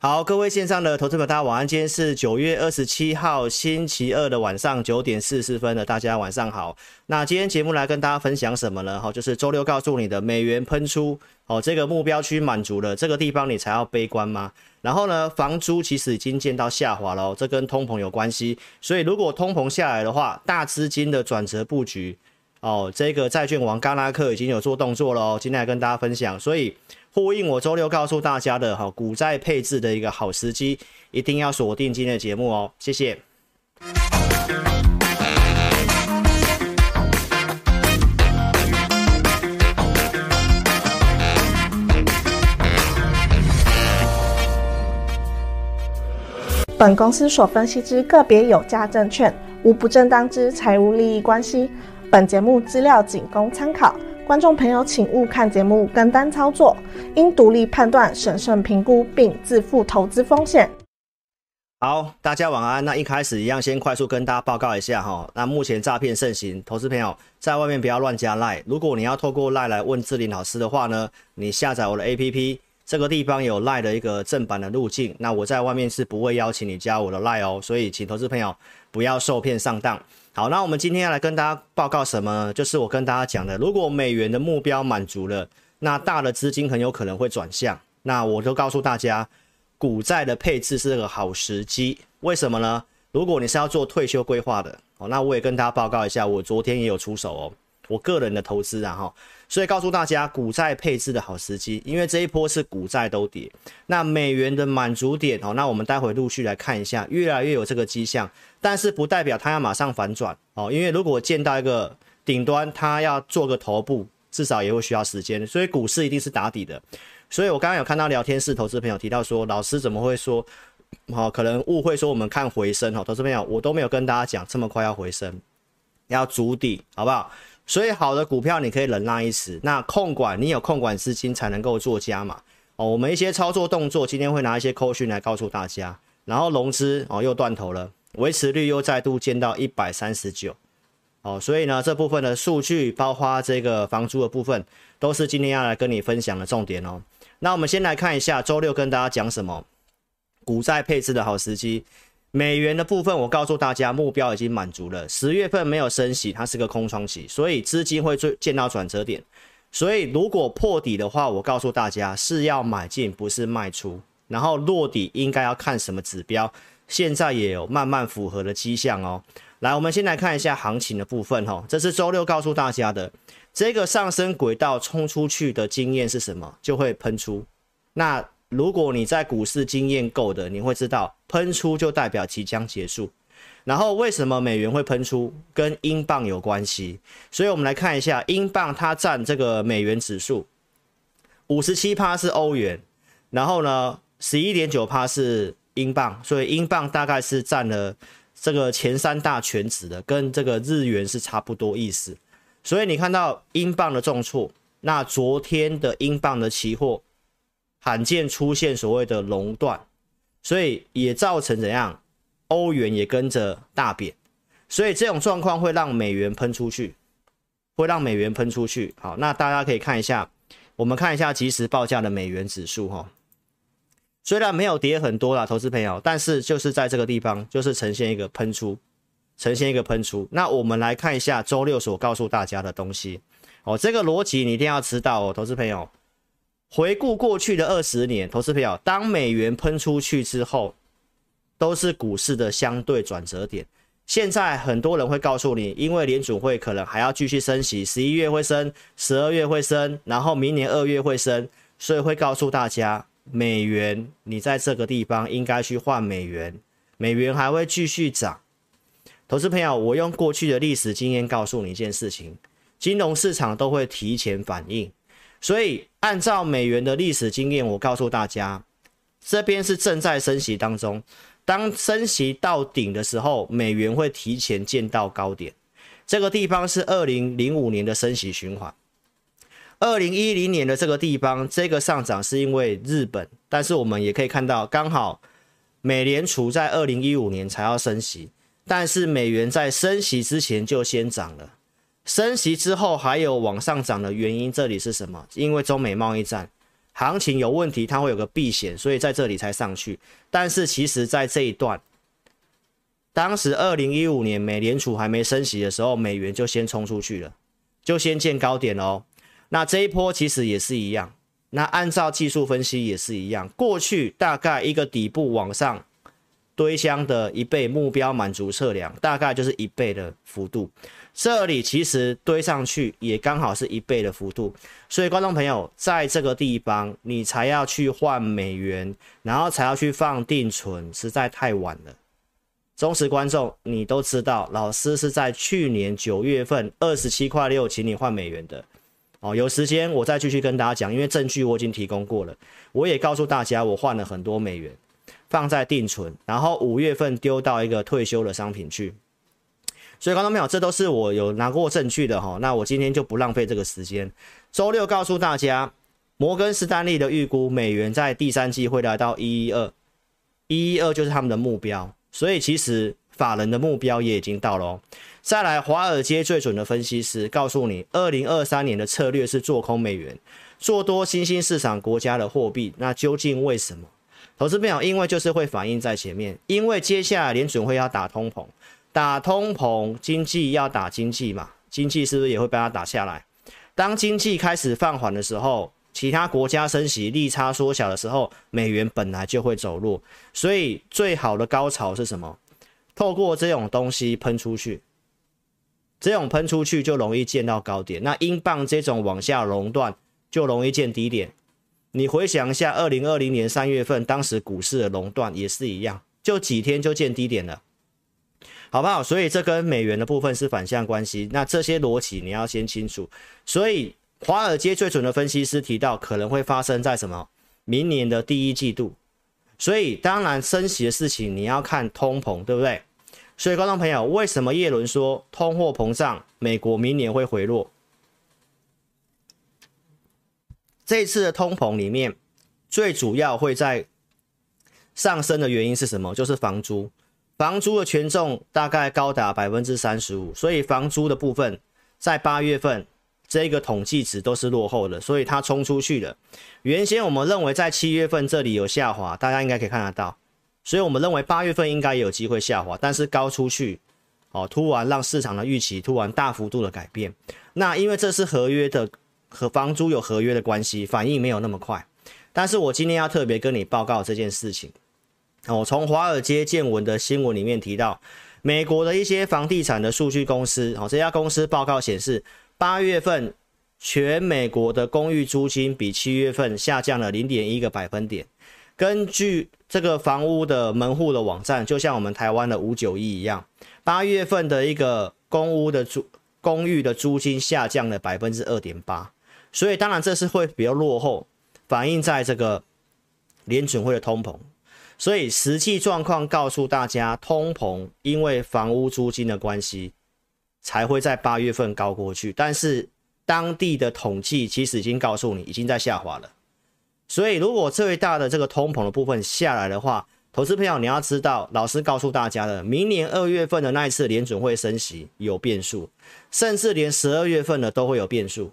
好，各位線上的投資朋友們，大家晚安。今天是九月二十七號星期二的晚上九點四十分了，大家晚上好。那今天節目來跟大家分享什麼呢？哈、哦，就是周六告訴你的美元噴出哦，這個目標區滿足了，這個地方你才要悲觀嗎？然後呢，房租其實已經見到下滑了哦，這跟通膨有關係。所以如果通膨下來的話，大資金的轉折布局哦，這個債券王嘎拉克已經有做動作了哦，今天來跟大家分享。所以。呼應我周六告訴大家的哈，股債配置的一個好時機，一定要鎖定今天的節目哦，謝謝。本公司所分析之個別有價證券，無不正當之財務利益關係。本節目資料僅供參考。觀眾朋友，請勿看節目跟單操作，應獨立判斷、審慎評估，並自負投資風險。好，大家晚安。那一開始一樣，先快速跟大家報告一下哈。那目前詐騙盛行，投資朋友在外面不要亂加賴。如果你要透過賴來問智霖老師的話呢，你下載我的 APP，這個地方有賴的一個正版的路徑。那我在外面是不會邀請你加我的賴哦，所以請投資朋友不要受騙上當。好，那我們今天要來跟大家報告什麼？就是我跟大家講的，如果美元的目標滿足了，那大的資金很有可能會轉向。那我就告訴大家，股債的配置是個好時機。為什麼呢？如果你是要做退休規劃的哦，那我也跟大家報告一下，我昨天也有出手哦，我個人的投資，啊。哈所以告訴大家，股債配置的好時機，因為這一波是股債都跌。那美元的滿足點哦，那我們待會陸續來看一下，越來越有這個跡象，但是不代表它要馬上反轉哦，因為如果見到一個頂端，它要做個頭部，至少也會需要時間。所以股市一定是打底的。所以我剛剛有看到聊天室投資朋友提到說，老師怎麼會說，好可能誤會說我們看回升哦，投資朋友我都沒有跟大家講這麼快要回升，要築底，好不好？所以好的股票你可以忍耐一時，那控管，你有控管資金才能夠做加碼嘛。哦，我們一些操作動作今天會拿一些扣訊來告訴大家，然後融資哦又斷頭了，維持率又再度見到一百三十九。哦，所以呢，這部分的數據，包括這個房租的部分，都是今天要來跟你分享的重點哦。那我們先來看一下，週六跟大家講什麼？股債配置的好時機。美元的部分，我告訴大家，目標已經滿足了。十月份沒有升息，它是個空窗期，所以資金會最見到轉折點。所以如果破底的話，我告訴大家是要買進，不是賣出。然後落底應該要看什麼指標，現在也有慢慢符合的跡象哦。來，我們先來看一下行情的部分哈、哦，這是周六告訴大家的。這個上升軌道衝出去的經驗是什麼？就會噴出。那如果你在股市經驗夠的，你會知道噴出就代表即將結束。然後為什麼美元會噴出，跟英鎊有關係？所以我們來看一下，英鎊它佔這個美元指數五十七趴是歐元，然後呢十一點九趴是英鎊，所以英鎊大概是佔了這個前三大權值的，跟這個日元是差不多意思。所以你看到英鎊的重挫，那昨天的英鎊的期貨。罕見出現所謂的壟斷，所以也造成怎樣？歐元也跟着大貶，所以這種狀況會讓美元噴出去，會讓美元噴出去。好，那大家可以看一下，我們看一下即時報價的美元指數哈。雖然沒有跌很多啦，投資朋友，但是就是在這個地方，就是呈現一個噴出，呈現一個噴出。那我們來看一下周六所告訴大家的東西哦，這個邏輯你一定要知道哦、喔，投資朋友。回顧過去的二十年，投資朋友，當美元噴出去之後，都是股市的相對轉折點。現在很多人會告訴你，因為聯準會可能還要繼續升息，十一月會升，十二月會升，然後明年二月會升，所以會告訴大家，美元你在這個地方應該去換美元，美元還會繼續漲。投資朋友，我用過去的歷史經驗告訴你一件事情，金融市場都會提前反應。所以，按照美元的歷史經驗，我告訴大家，這邊是正在升息當中。當升息到頂的時候，美元會提前見到高點。這個地方是2005年的升息循環，2010年的這個地方，這個上漲是因為日本。但是我們也可以看到，剛好美聯儲在2015年才要升息，但是美元在升息之前就先漲了。升息之後還有往上漲的原因，這裡是什麼？因為中美貿易戰行情有問題，它會有個避險，所以在這裡才上去。但是其實，在這一段，當時二零一五年美聯儲還沒升息的時候，美元就先衝出去了，就先見高點哦。那這一波其實也是一樣，那按照技術分析也是一樣，過去大概一個底部往上。堆箱的一倍目標滿足測量，大概就是一倍的幅度。這裡其實堆上去也剛好是一倍的幅度，所以觀眾朋友在這個地方，你才要去換美元，然後才要去放定存，實在太晚了。忠實觀眾，你都知道，老師是在去年九月份二十七塊六，請你換美元的。哦，有時間我再繼續跟大家講，因為證據我已經提供過了，我也告訴大家，我換了很多美元。放在定存，然後五月份丟到一個退休的商品去。所以剛剛沒有，這都是我有拿過證據的哈。那我今天就不浪費這個時間。週六告訴大家，摩根士丹利的預估美元在第三季會來到一一二，一一二就是他們的目標。所以其實法人的目標也已經到了哦。再來，華爾街最準的分析師告訴你，二零二三年的策略是做空美元，做多新興市場國家的貨幣。那究竟為什麼？投資變好，因為就是會反映在前面，因為接下來聯準會要打通膨，打通膨，經濟要打經濟嘛，經濟是不是也會被它打下來？當經濟開始放緩的時候，其他國家升息利差縮小的時候，美元本來就會走弱，所以最好的高潮是什麼？透過這種東西噴出去，這種噴出去就容易見到高點，那英鎊這種往下熔斷就容易見低點。你回想一下，二零二零年三月份當時股市的熔斷也是一樣，就幾天就見低點了，好不好？所以這跟美元的部分是反向關係。那這些邏輯你要先清楚。所以華爾街最準的分析師提到可能會發生在什麼？明年的第一季度。所以當然升息的事情你要看通膨，對不對？所以，觀眾朋友，為什麼耶倫說通貨膨脹美國明年會回落？這次的通膨裡面最主要會在上升的原因是什麼？就是房租，房租的權重大概高達百分之三十五，所以房租的部分在八月份這個統計值都是落後的，所以它衝出去了。原先我們認為在七月份這裡有下滑，大家應該可以看得到，所以我們認為八月份應該有機會下滑，但是高出去，哦，突然讓市場的預期突然大幅度的改變。那因為這是合約的。和房租有合約的關係，反應沒有那麼快。但是我今天要特別跟你報告這件事情。哦，從華爾街見聞的新聞裡面提到，美國的一些房地產的數據公司，哦，這家公司報告顯示，八月份全美國的公寓租金比七月份下降了零點一個百分點。根據這個房屋的門戶的網站，就像我們台灣的五九一一樣，八月份的一個公屋的租公寓的租金下降了百分之二點八。所以當然這是會比較落後，反映在這個聯準會的通膨。所以實際狀況告訴大家，通膨因為房屋租金的關係，才會在八月份高過去。但是當地的統計其實已經告訴你已經在下滑了。所以如果最大的這個通膨的部分下來的話，投資朋友你要知道，老師告訴大家了，明年二月份的那一次聯準會升息有變數，甚至連十二月份的都會有變數。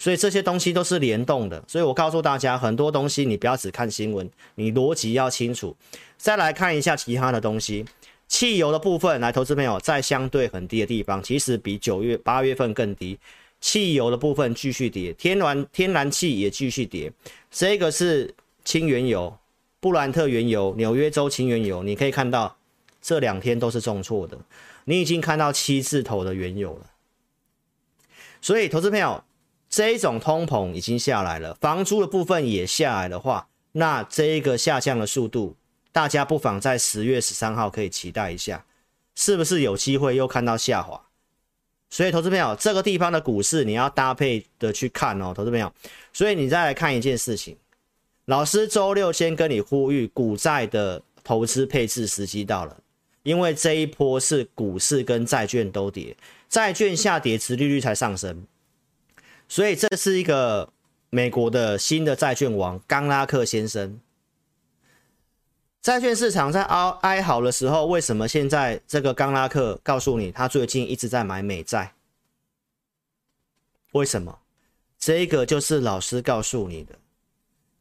所以這些東西都是聯動的，所以我告訴大家，很多東西你不要只看新聞，你邏輯要清楚。再來看一下其他的東西，汽油的部分，來，投資朋友，在相對很低的地方，其實比九月八月份更低。汽油的部分繼續跌，天然天然氣也繼續跌。這個是輕原油、布蘭特原油、紐約州輕原油，你可以看到這兩天都是重挫的。你已經看到七字頭的原油了，所以投資朋友。這一種通膨已經下來了，房租的部分也下來的話，那這一個下降的速度，大家不妨在十月十三號可以期待一下，是不是有機會又看到下滑？所以，投資朋友，這個地方的股市你要搭配的去看哦，投資朋友。所以你再來看一件事情，老師周六先跟你呼籲，股債的投資配置時機到了，因為這一波是股市跟債券都跌，債券下跌，殖利率才上升。所以這是一個美國的新的債券王，岡拉克先生。債券市場在哀、哀嚎的時候，為什麼現在這個岡拉克告訴你他最近一直在買美債？為什麼？這個就是老師告訴你的，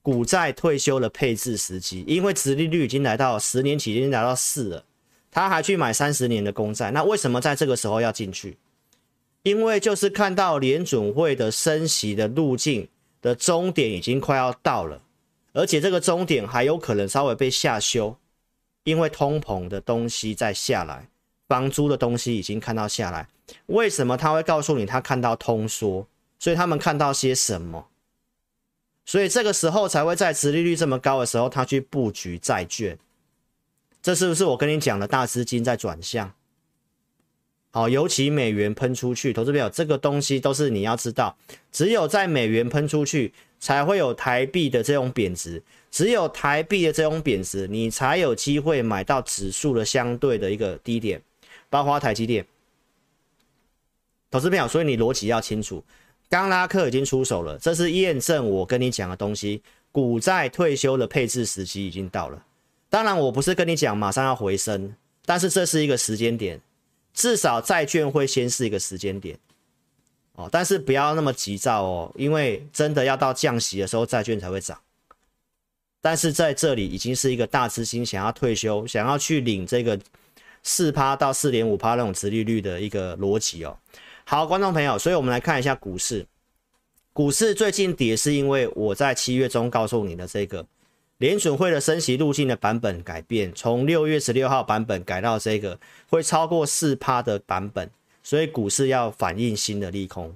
股債退休的配置時機，因為殖利率已經來到十年期已經來到四了，他還去買三十年的公債，那為什麼在這個時候要進去？因為就是看到聯準會的升息的路徑的終點已經快要到了，而且這個終點還有可能稍微被下修，因為通膨的東西在下來，房租的東西已經看到下來。為什麼他會告訴你他看到通縮？所以他們看到些什麼？所以這個時候才會在殖利率這麼高的時候，他去布局債券。這是不是我跟你講的大資金在轉向？好、哦，尤其美元噴出去，投資者朋友，這個東西都是你要知道。只有在美元噴出去，才會有台幣的這種貶值；只有台幣的這種貶值，你才有機會買到指數的相對的一個低點，包括台積電。投資者朋友，所以你邏輯要清楚。剛拉克已經出手了，這是驗證我跟你講的東西。股債退休的配置時機已經到了。當然，我不是跟你講馬上要回升，但是這是一個時間點。至少債券會先是一個時間點哦，但是不要那麼急躁哦，因為真的要到降息的時候，債券才會漲。但是在這裡已經是一個大資金想要退休、想要去領這個四趴到四點五趴那種殖利率的一個邏輯哦。好，觀眾朋友，所以我們來看一下股市。股市最近跌是因為我在七月中告訴你的這個。聯準會的升息路徑的版本改變，從六月十六號版本改到這個會超過四趴的版本，所以股市要反映新的利空。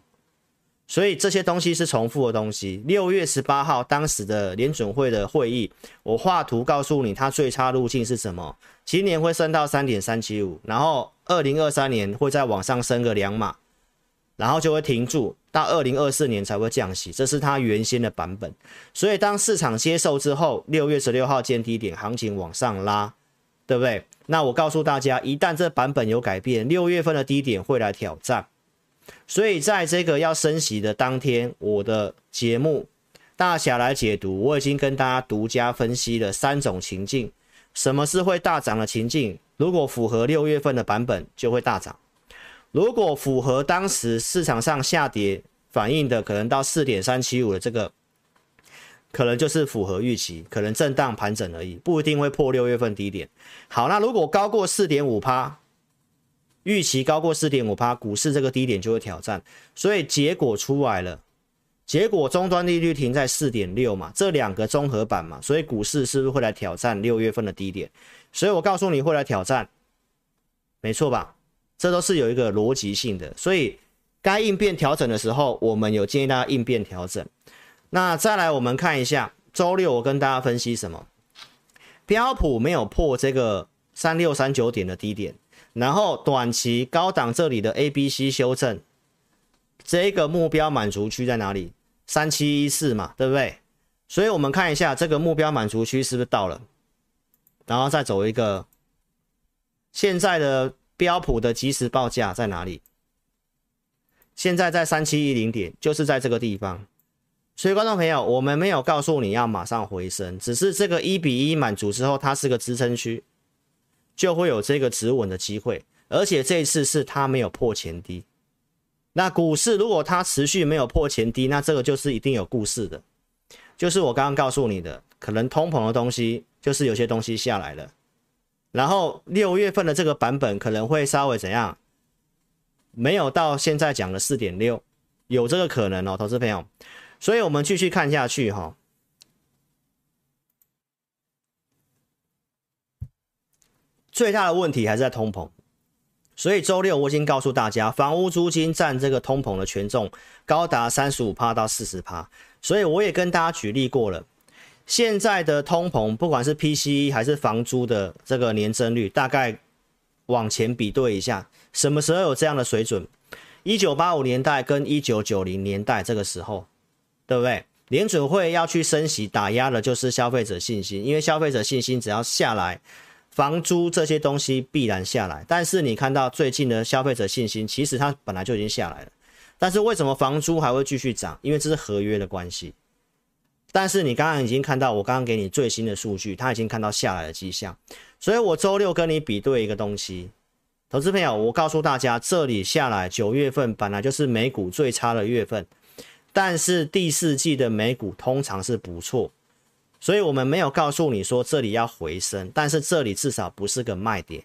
所以這些東西是重複的東西。六月十八號當時的聯準會的會議，我畫圖告訴你它最差路徑是什麼？今年會升到三點三七五，然後二零二三年會再往上升個兩碼，然後就會停住。到二零二四年才會降息，這是它原先的版本。所以當市場接受之後，六月十六號見低點，行情往上拉，對不對？那我告訴大家，一旦這版本有改變，六月份的低點會來挑戰。所以在這個要升息的當天，我的節目大俠來解讀，我已經跟大家獨家分析了三種情境，什麼是會大漲的情境？如果符合六月份的版本，就會大漲。如果符合當時市場上下跌反應的，可能到四點三七五的這個，可能就是符合預期，可能震盪盤整而已，不一定會破六月份低點。好，那如果高過四點五趴，預期高過四點五趴，股市這個低點就會挑戰。所以結果出來了，結果終端利率停在四點六嘛，這兩個綜合版嘛，所以股市是不是會來挑戰六月份的低點？所以我告訴你會來挑戰，沒錯吧？這都是有一個邏輯性的，所以該應變調整的時候，我們有建議大家應變調整。那再來，我們看一下周六我跟大家分析什麼？標普沒有破這個三六三九點的低點，然後短期高檔這裡的 A B C 修正，這個目標滿足區在哪裡？三七一四嘛，對不對？所以我們看一下這個目標滿足區是不是到了，然後再走一個現在的。標普的即時報價在哪裡？現在在三七一零點，就是在這個地方。所以，觀眾朋友，我們沒有告訴你要馬上回升，只是這個一比一滿足之後，它是個支撐區，就會有這個止穩的機會。而且這一次是它沒有破前低。那股市如果它持續沒有破前低，那這個就是一定有故事的。就是我剛剛告訴你的，可能通膨的東西，就是有些東西下來了。然後六月份的這個版本可能會稍微怎樣？沒有到現在講的四點六，有這個可能哦，投資朋友。所以我們繼續看下去哈、哦。最大的問題還是在通膨，所以周六我已經告訴大家，房屋租金占這個通膨的權重高達三十五趴到四十趴，所以我也跟大家舉例過了。現在的通膨，不管是 PCE 還是房租的這個年增率，大概往前比對一下，什麼時候有這樣的水準？一九八五年代跟一九九零年代這個時候，對不對？聯準會要去升息打壓的，就是消費者信心，因為消費者信心只要下來，房租這些東西必然下來。但是你看到最近的消費者信心，其實它本來就已經下來了，但是為什麼房租還會繼續漲？因為這是合約的關係。但是你剛剛已經看到，我剛剛給你最新的數據，他已經看到下來的跡象。所以我週六跟你比對一個東西，投資朋友，我告訴大家，這裡下來九月份本來就是美股最差的月份，但是第四季的美股通常是不錯，所以我們沒有告訴你說這裡要回升，但是這裡至少不是個賣點。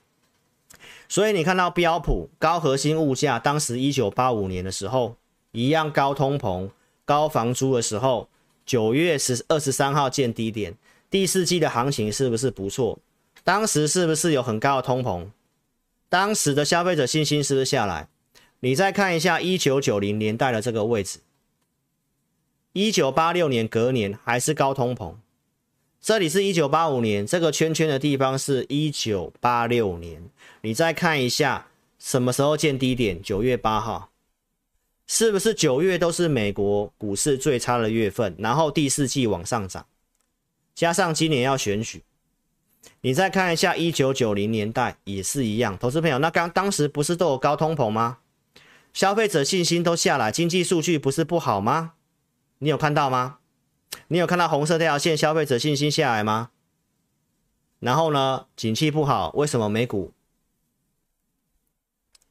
所以你看到標普高核心物價，當時一九八五年的時候一樣高通膨、高房租的時候。九月十二十三號見低點，第四季的行情是不是不錯？當時是不是有很高的通膨？當時的消費者信心是不是下來？你再看一下一九九零年代的這個位置，一九八六年隔年還是高通膨，這裡是一九八五年，這個圈圈的地方是一九八六年，你再看一下什麼時候見低點？九月八號。是不是九月都是美國股市最差的月份？然後第四季往上漲，加上今年要選舉，你再看一下一九九零年代也是一樣。投資朋友，那剛當時不是都有高通膨嗎？消費者信心都下來，經濟數據不是不好嗎？你有看到嗎？你有看到紅色這條線消費者信心下來嗎？然後呢，景氣不好，為什麼美股？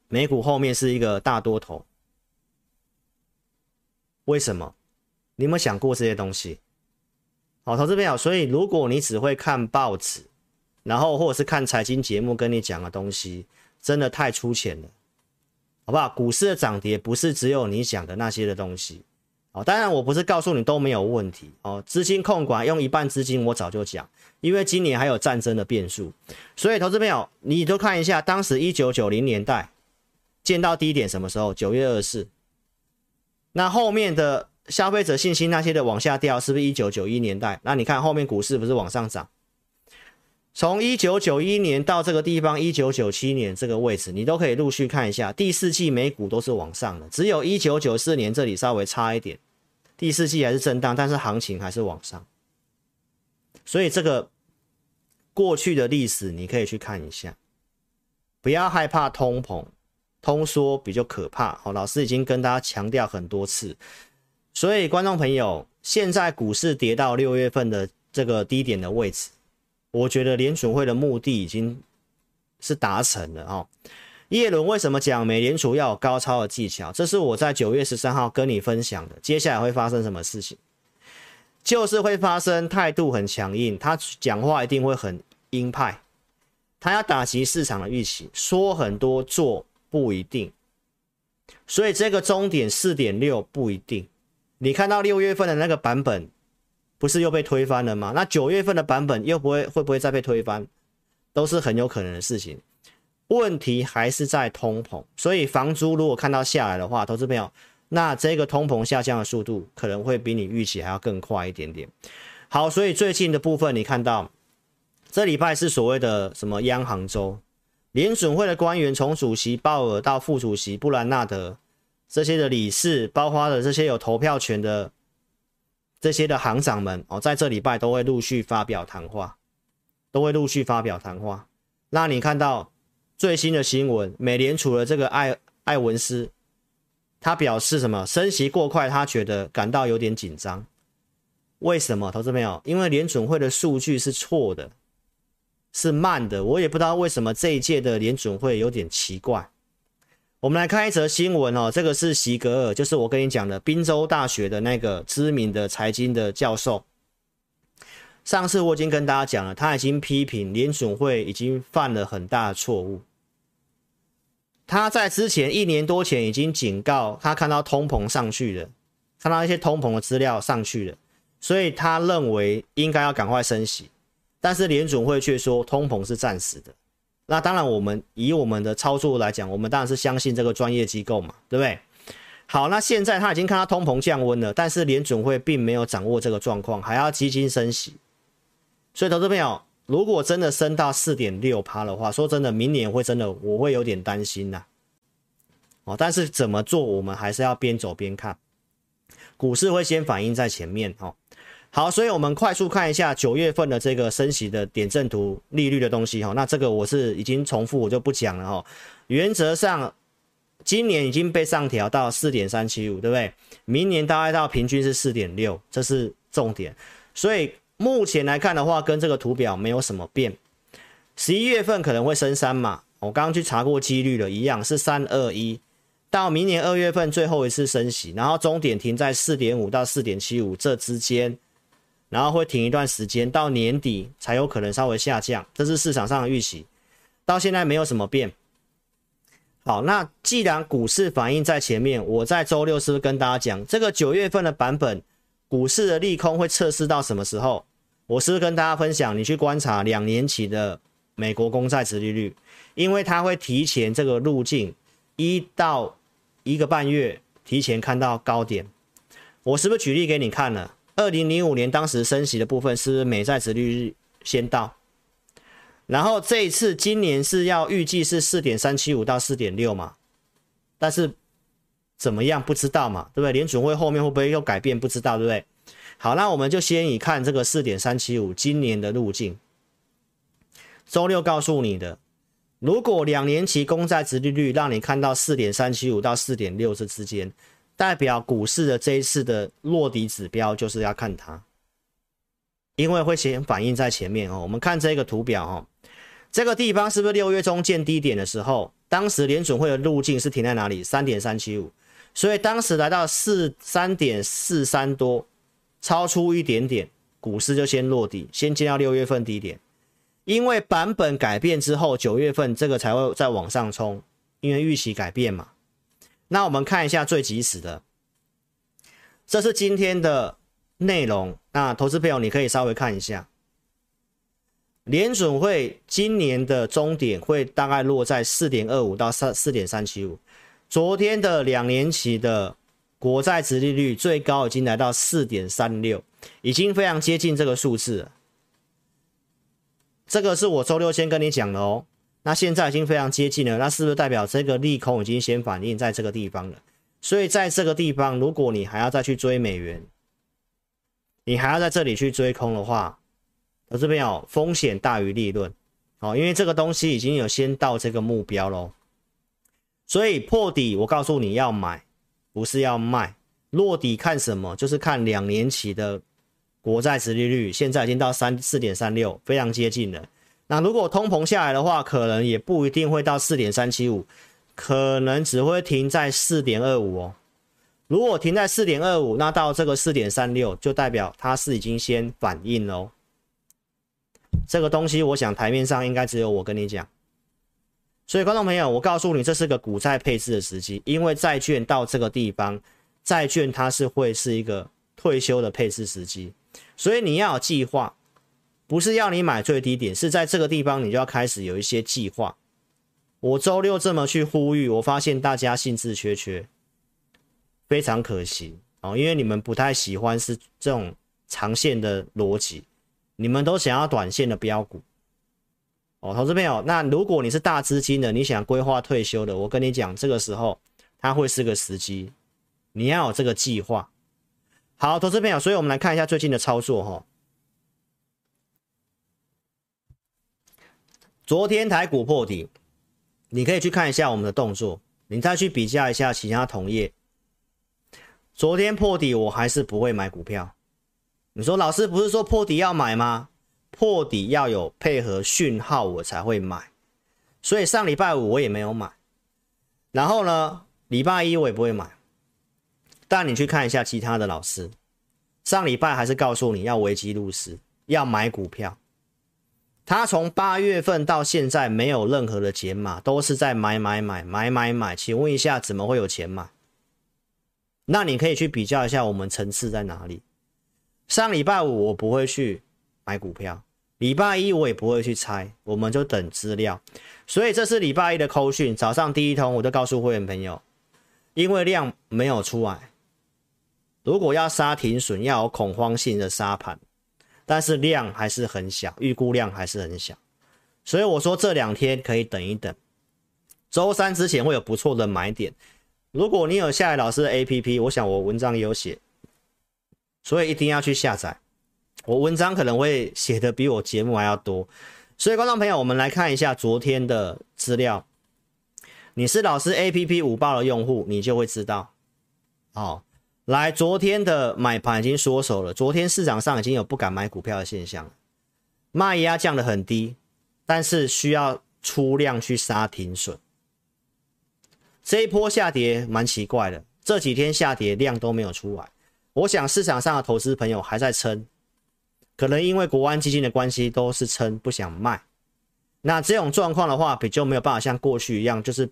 美股後面是一個大多頭。為什麼？你有沒有想過這些東西？好、哦，投資朋友，所以如果你只會看報紙，然後或者是看財經節目跟你講的東西，真的太粗淺了，好不好？股市的漲跌不是只有你講的那些的東西。好、哦，當然我不是告訴你都沒有問題。哦，資金控管用一半資金，我早就講，因為今年還有戰爭的變數。所以，投資朋友，你都看一下，當時一九九零年代見到低點什麼時候？九月二十四。那後面的消費者信心那些的往下掉，是不是一九九一年代？那你看後面股市不是往上漲？從一九九一年到這個地方，一九九七年這個位置，你都可以陸續看一下，第四季美股都是往上的，只有一九九四年這裡稍微差一點，第四季還是震盪，但是行情還是往上。所以這個過去的歷史你可以去看一下，不要害怕通膨。通縮比較可怕，好、哦，老師已經跟大家強調很多次，所以觀眾朋友，現在股市跌到六月份的這個低點的位置，我覺得聯儲會的目的已經是達成了啊、哦。葉倫為什麼講美聯儲要有高超的技巧？這是我在九月十三號跟你分享的，接下來會發生什麼事情，就是會發生態度很強硬，他講話一定會很鷹派，他要打擊市場的預期，說很多做。不一定，所以這個終點四點六不一定。你看到六月份的那個版本，不是又被推翻了嗎？那九月份的版本又不會，會不會再被推翻，都是很有可能的事情。問題還是在通膨，所以房租如果看到下來的話，投資朋友，那這個通膨下降的速度可能會比你預期還要更快一點點。好，所以最近的部分，你看到這禮拜是所謂的什麼央行週？聯準會的官員，從主席鮑爾到副主席布蘭納德，這些的理事、包括的這些有投票權的這些的行長們哦，在這禮拜都會陸續發表談話，都會陸續發表談話。那你看到最新的新聞，美聯儲的這個艾艾文斯，他表示什麼？升息過快，他覺得感到有點緊張。為什麼？投資朋友，因為聯準會的數據是錯的。是慢的，我也不知道為什麼這一屆的聯準會有點奇怪。我們來看一則新聞哦，這個是席格爾，就是我跟你講的賓州大學的那個知名的財經的教授。上次我已經跟大家講了，他已經批評聯準，聯準會已經犯了很大的錯誤。他在之前一年多前已經警告，他看到通膨上去了，看到一些通膨的資料上去了，所以他認為應該要趕快升息。但是聯準會卻說通膨是暫時的，那當然我們以我們的操作來講，我們當然是相信這個專業機構嘛，對不對？好，那現在他已經看到通膨降溫了，但是聯準會並沒有掌握這個狀況，還要激進升息，所以投資朋友，如果真的升到四點六趴的話，說真的，明年會真的我會有點擔心吶、啊。哦，但是怎麼做，我們還是要邊走邊看，股市會先反映在前面哦。好，所以我們快速看一下九月份的這個升息的點陣圖利率的東西哈。那這個我是已經重複，我就不講了哈。原則上，今年已經被上調到四點三七五，對不對？明年大概到平均是四點六，這是重點。所以目前來看的話，跟這個圖表沒有什麼變。十一月份可能會升三嘛？我剛剛去查過幾率的一樣是三二一。到明年二月份最後一次升息，然後終點停在四點五到四點七五這之間。然後會停一段時間，到年底才有可能稍微下降，這是市場上的預期。到現在沒有什麼變。好，那既然股市反應在前面，我在周六是不是跟大家講，這個九月份的版本股市的利空會測試到什麼時候？我是不是跟大家分享，你去觀察兩年期的美國公債殖利率，因為它會提前這個路徑一到一個半月提前看到高點。我是不是舉例給你看了？二零零五年當時升息的部分是不是美債殖利率先到，然後這一次今年是要預計是四點三七五到四點六嘛，但是怎麼樣不知道嘛，對不對？聯準會後面會不會又改變不知道，對不對？好，那我們就先以看這個四點三七五今年的路徑。週六告訴你的，如果兩年期公債殖利率讓你看到四點三七五到四點六這之間。代表股市的這一次的落底指標就是要看它，因為會先反映在前面哦。我們看這個圖表哈、哦，這個地方是不是六月中見低點的時候，當時聯準會的路徑是停在哪裡？三點三七五，所以當時來到四三點四三多，超出一點點，股市就先落底，先見到六月份低點。因為版本改變之後，九月份這個才會再往上衝，因為預期改變嘛。那我們看一下最及時的，這是今天的內容。那投資朋友，你可以稍微看一下，聯準會今年的終點會大概落在四點二五到三四點三七五。昨天的兩年期的國債殖利率最高已經來到四點三六，已經非常接近這個數字了。這個是我周六先跟你講的哦。那現在已經非常接近了，那是不是代表這個利空已經先反映在這個地方了？所以在這個地方，如果你還要再去追美元，你還要在這裡去追空的話，我這邊有風險大於利潤。好、哦，因為這個東西已經有先到這個目標嘍。所以破底，我告訴你要買，不是要賣。落底看什麼？就是看兩年期的國債殖利率，現在已經到三四點三六，非常接近了。那如果通膨下來的話，可能也不一定會到四點三七五，可能只會停在四點二五哦。如果停在四點二五，那到這個四點三六就代表它是已經先反應嘍、哦。這個東西我想台面上應該只有我跟你講，所以觀眾朋友，我告訴你，這是個股債配置的時機，因為債券到這個地方，債券它是會是一個退休的配置時機，所以你要有計劃。不是要你買最低點，是在這個地方你就要開始有一些計劃。我周六這麼去呼籲，我發現大家興致缺缺，非常可惜哦。因為你們不太喜歡是這種長線的邏輯，你們都想要短線的標股。哦，投資朋友，那如果你是大資金的，你想規劃退休的，我跟你講，這個時候它會是個時機，你要有這個計劃。好，投資朋友，所以我們來看一下最近的操作哈。昨天台股破底，你可以去看一下我們的動作，你再去比較一下其他同業。昨天破底，我還是不會買股票。你說老師，不是說破底要買嗎？破底要有配合訊號，我才會買。所以上禮拜五我也沒有買，然後呢，禮拜一我也不會買。但你去看一下其他的老師，上禮拜還是告訴你要危機入市，要買股票。他從八月份到現在沒有任何的減碼，都是在買買買買買買。請問一下，怎麼會有錢買？那你可以去比較一下，我們層次在哪裡？上禮拜五我不會去買股票，禮拜一我也不會去猜，我們就等資料。所以這是禮拜一的扣訊，早上第一通我就告訴會員朋友，因為量沒有出來，如果要殺停損，要有恐慌性的殺盤。但是量還是很小，預估量還是很小，所以我說這兩天可以等一等，周三之前會有不錯的買點。如果你有下載老師的 A P P，我想我文章也有寫，所以一定要去下載。我文章可能會寫的比我節目還要多，所以觀眾朋友，我們來看一下昨天的資料。你是老師 A P P 五報的用戶，你就會知道，好、哦。來，昨天的買盤已經縮手了。昨天市場上已經有不敢買股票的現象了，賣壓降得很低，但是需要出量去殺停損。這一波下跌蠻奇怪的，這幾天下跌量都沒有出來。我想市場上的投資朋友還在撐，可能因為國安基金的關係都是撐，不想賣。那這種狀況的話，比較沒有辦法像過去一樣，就是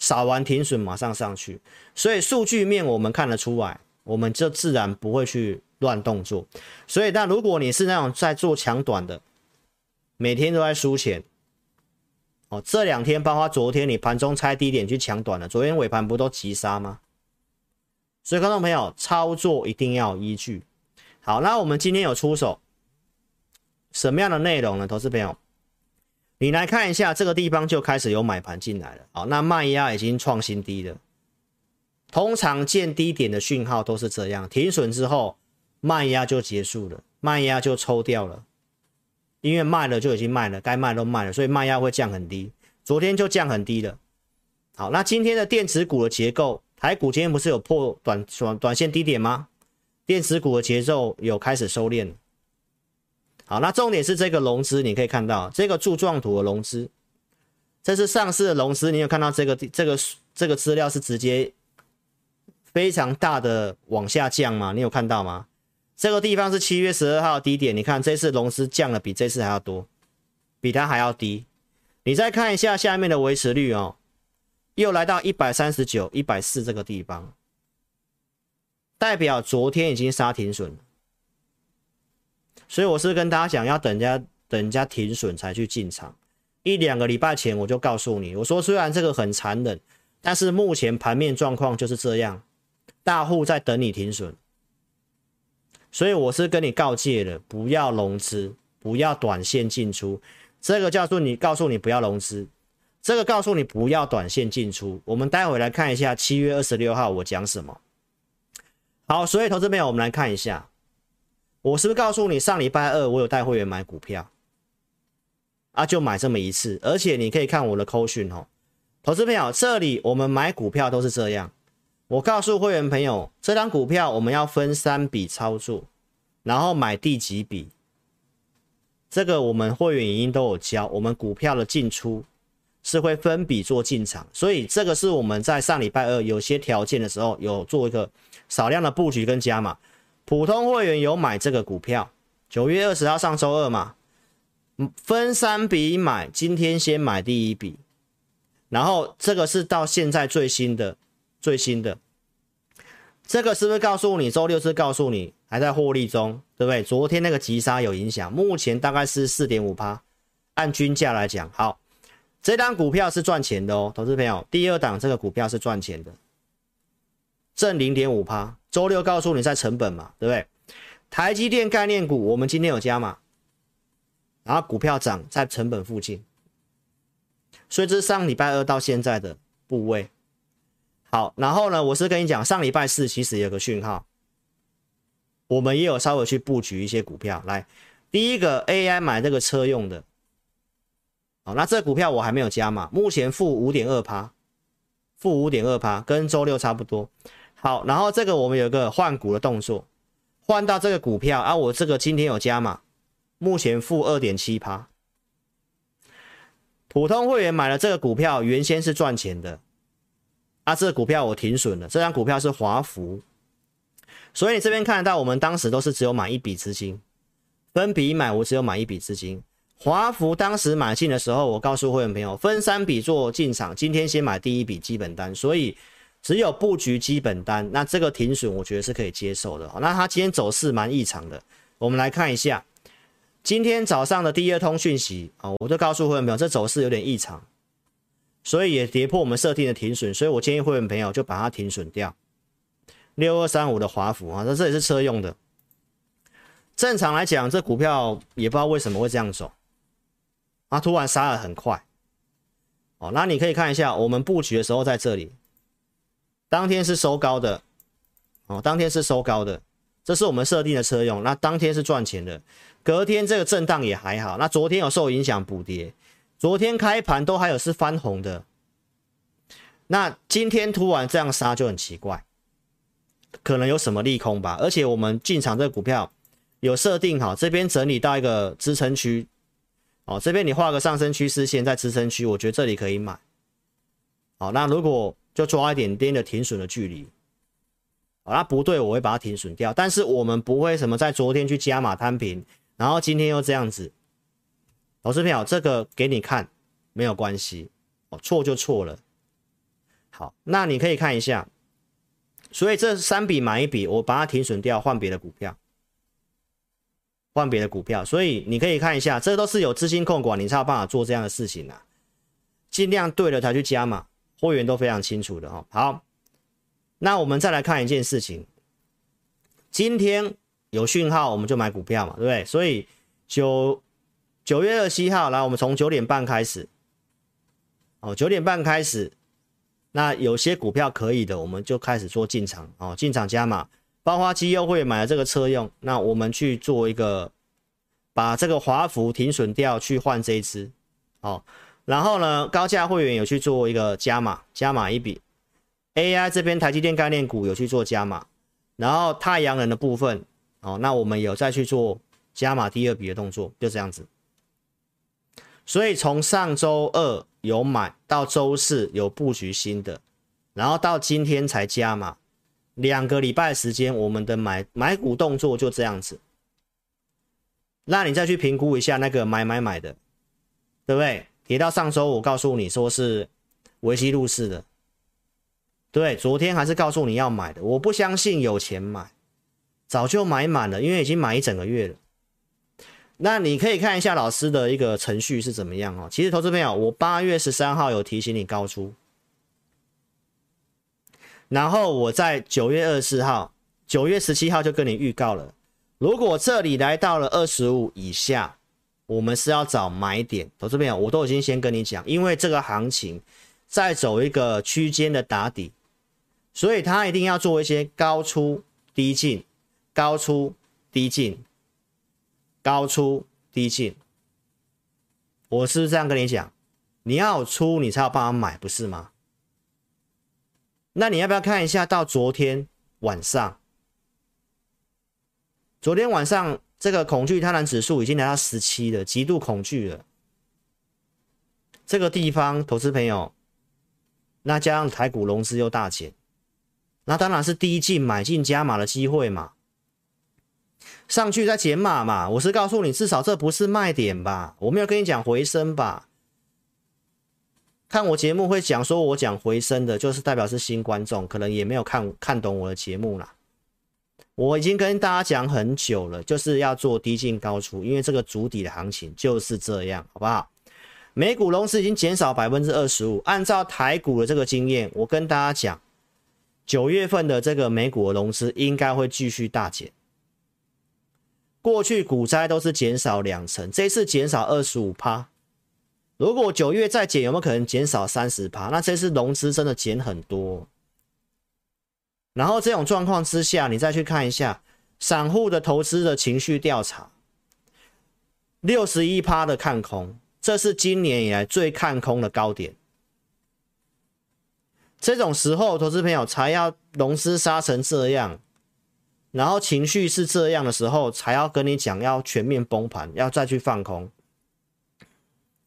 殺完停損馬上上去。所以數據面我們看得出來。我們就自然不會去亂動作，所以，但如果你是那種在做搶短的，每天都在輸錢，哦，這兩天包括昨天你盤中猜低點去搶短了，昨天尾盤不都急殺嗎？所以，觀眾朋友，操作一定要有依據。好，那我們今天有出手什麼樣的內容呢？投資朋友，你來看一下這個地方就開始有買盤進來了，好、哦，那賣壓已經創新低了。通常見低點的訊號都是這樣，停損之後賣壓就結束了，賣壓就抽掉了，因為賣了就已經賣了，該賣都賣了，所以賣壓會降很低。昨天就降很低了。好，那今天的電池股的結構，台股今天不是有破短短短線低點嗎？電池股的節奏有開始收斂了。好，那重點是這個融資，你可以看到這個柱狀圖的融資，這是上市的融資，你有看到這個這個這個資料是直接。非常大的往下降嘛，你有看到嗎？這個地方是七月十二號的低點。你看這次融資降了，比這次還要多，比它還要低。你再看一下下面的維持率哦，又來到一百三十九、一百四這個地方，代表昨天已經殺停損了。所以我是跟大家講，要等人家，等人家停損才去進場。一兩個禮拜前我就告訴你，我說雖然這個很殘忍，但是目前盤面狀況就是這樣。大戶在等你停損，所以我是跟你告誡的，不要融資，不要短線進出。這個叫做你，告訴你不要融資，這個告訴你不要短線進出。我們待會來看一下七月二十六號我講什麼。好，所以投資朋友，我們來看一下，我是不是告訴你上禮拜二我有帶會員買股票啊？就買這麼一次，而且你可以看我的扣訊哦，投資朋友，這裡我們買股票都是這樣。我告訴會員朋友，這張股票我們要分三筆操作，然後買第幾筆？這個我們會員已經都有教。我們股票的進出是會分筆做進場，所以這個是我們在上禮拜二有些條件的時候有做一個少量的佈局跟加碼。普通會員有買這個股票，九月二十號上週二嘛，分三筆買，今天先買第一筆，然後這個是到現在最新的最新的。這個是不是告訴你？週六是，是告訴你還在獲利中，對不對？昨天那個急殺有影響，目前大概是四點五趴，按均價來講，好，這張股票是賺錢的哦，投資朋友，第二檔這個股票是賺錢的，正零點五趴。週六告訴你在成本嘛，對不對？台積電概念股，我們今天有加碼，然後股票漲在成本附近，所以這是上禮拜二到現在的部位。好，然後呢，我是跟你講，上禮拜四其實有個訊號，我們也有稍微去布局一些股票。來，第一個 AI 買這個車用的，好，那這個股票我還沒有加碼，目前負五點二趴，負五點二趴，跟周六差不多。好，然後這個我們有個換股的動作，換到這個股票啊，我這個今天有加碼，目前負二點七趴。普通會員買了這個股票，原先是賺錢的。啊，這個、股票我停損了。這張股票是華福，所以你這邊看得到，我們當時都是只有買一筆資金，分筆買，我只有買一筆資金。華福當時買進的時候，我告訴會員朋友，分三筆做進場，今天先買第一筆基本單，所以只有布局基本單。那這個停損，我覺得是可以接受的。那它今天走勢蠻異常的，我們來看一下今天早上的第二通訊息啊，我就告訴會員朋友，這走勢有點異常。所以也跌破我們設定的停損，所以我建議會員朋友就把它停損掉。六二三五的華孚啊，那這也是車用的。正常來講，這股票也不知道為什麼會這樣走，啊，突然殺的很快。哦、啊，那你可以看一下我們布局的時候在這裡，當天是收高的，哦、啊，當天是收高的，這是我們設定的車用，那當天是賺錢的。隔天這個震盪也還好，那昨天有受影響補跌。昨天開盤都還有是翻紅的，那今天突然這樣殺就很奇怪，可能有什麼利空吧。而且我們進場這個股票有設定好，這邊整理到一個支撐區，哦，這邊你畫個上升趨勢線在支撐區，我覺得這裡可以買。好，那如果就抓一點點的停損的距離，好，那不對我會把它停損掉，但是我們不會什麼在昨天去加碼攤平，然後今天又這樣子。老師，你好，這個給你看沒有關係哦，錯就錯了。好，那你可以看一下，所以這三筆買一筆，我把它停損掉，換別的股票，換別的股票。所以你可以看一下，這都是有資金控管，你才有辦法做這樣的事情啊。儘量對著它去加嘛，貨源都非常清楚的哦，好，那我們再來看一件事情，今天有訊號我們就買股票嘛，對不對？所以就。九月二十七號，來，我們從九點半開始。哦，九點半開始，那有些股票可以的，我們就開始做進場。哦，進場加碼，包括機油會買了這個車用，那我們去做一個，把這個華福停損掉，去換這一支。哦，然後呢，高價會員有去做一個加碼，加碼一筆。AI 這邊台積電概念股有去做加碼，然後太陽能的部分，哦，那我們有再去做加碼第二筆的動作，就這樣子。所以從上周二有買到周四有布局新的，然後到今天才加碼，兩個禮拜的時間我們的買買股動作就這樣子。那你再去評估一下那個買買買的，對不對？提到上周我告訴你說是危機入市的，對不對？昨天還是告訴你要買的，我不相信有錢買，早就買滿了，因為已經買一整個月了。那你可以看一下老師的一個程序是怎麼樣哦。其實，投資朋友，我八月十三號有提醒你高出，然後我在九月二十四號、九月十七號就跟你預告了。如果這裡來到了二十五以下，我們是要找買點。投資朋友，我都已經先跟你講，因為這個行情在走一個區間的打底，所以他一定要做一些高出低進、高出低進。高出低進，我是不是這樣跟你講，你要有出你才有辦法買，不是嗎？那你要不要看一下到昨天晚上？昨天晚上這個恐懼貪婪指數已經來到十七了，極度恐懼了。這個地方投資朋友，那加上台股融資又大減，那當然是低進買進加碼的機會嘛。上去再減碼嘛，我是告訴你，至少這不是賣點吧？我沒有跟你講回升吧？看我節目會講，說我講回升的，就是代表是新觀眾，可能也沒有看看懂我的節目啦。我已經跟大家講很久了，就是要做低進高出，因為這個築底的行情就是這樣，好不好？美股融資已經減少百分之二十五，按照台股的這個經驗，我跟大家講，九月份的這個美股的融資應該會繼續大減。過去股災都是減少兩成，這次減少二十五趴。如果九月再減，有沒有可能減少三十趴？那這次融資真的減很多。然後這種狀況之下，你再去看一下散戶的投資的情緒調查，六十一趴的看空，這是今年以來最看空的高點。這種時候，投資朋友才要融資殺成這樣。然後情緒是這樣的時候，才要跟你講要全面崩盤，要再去放空。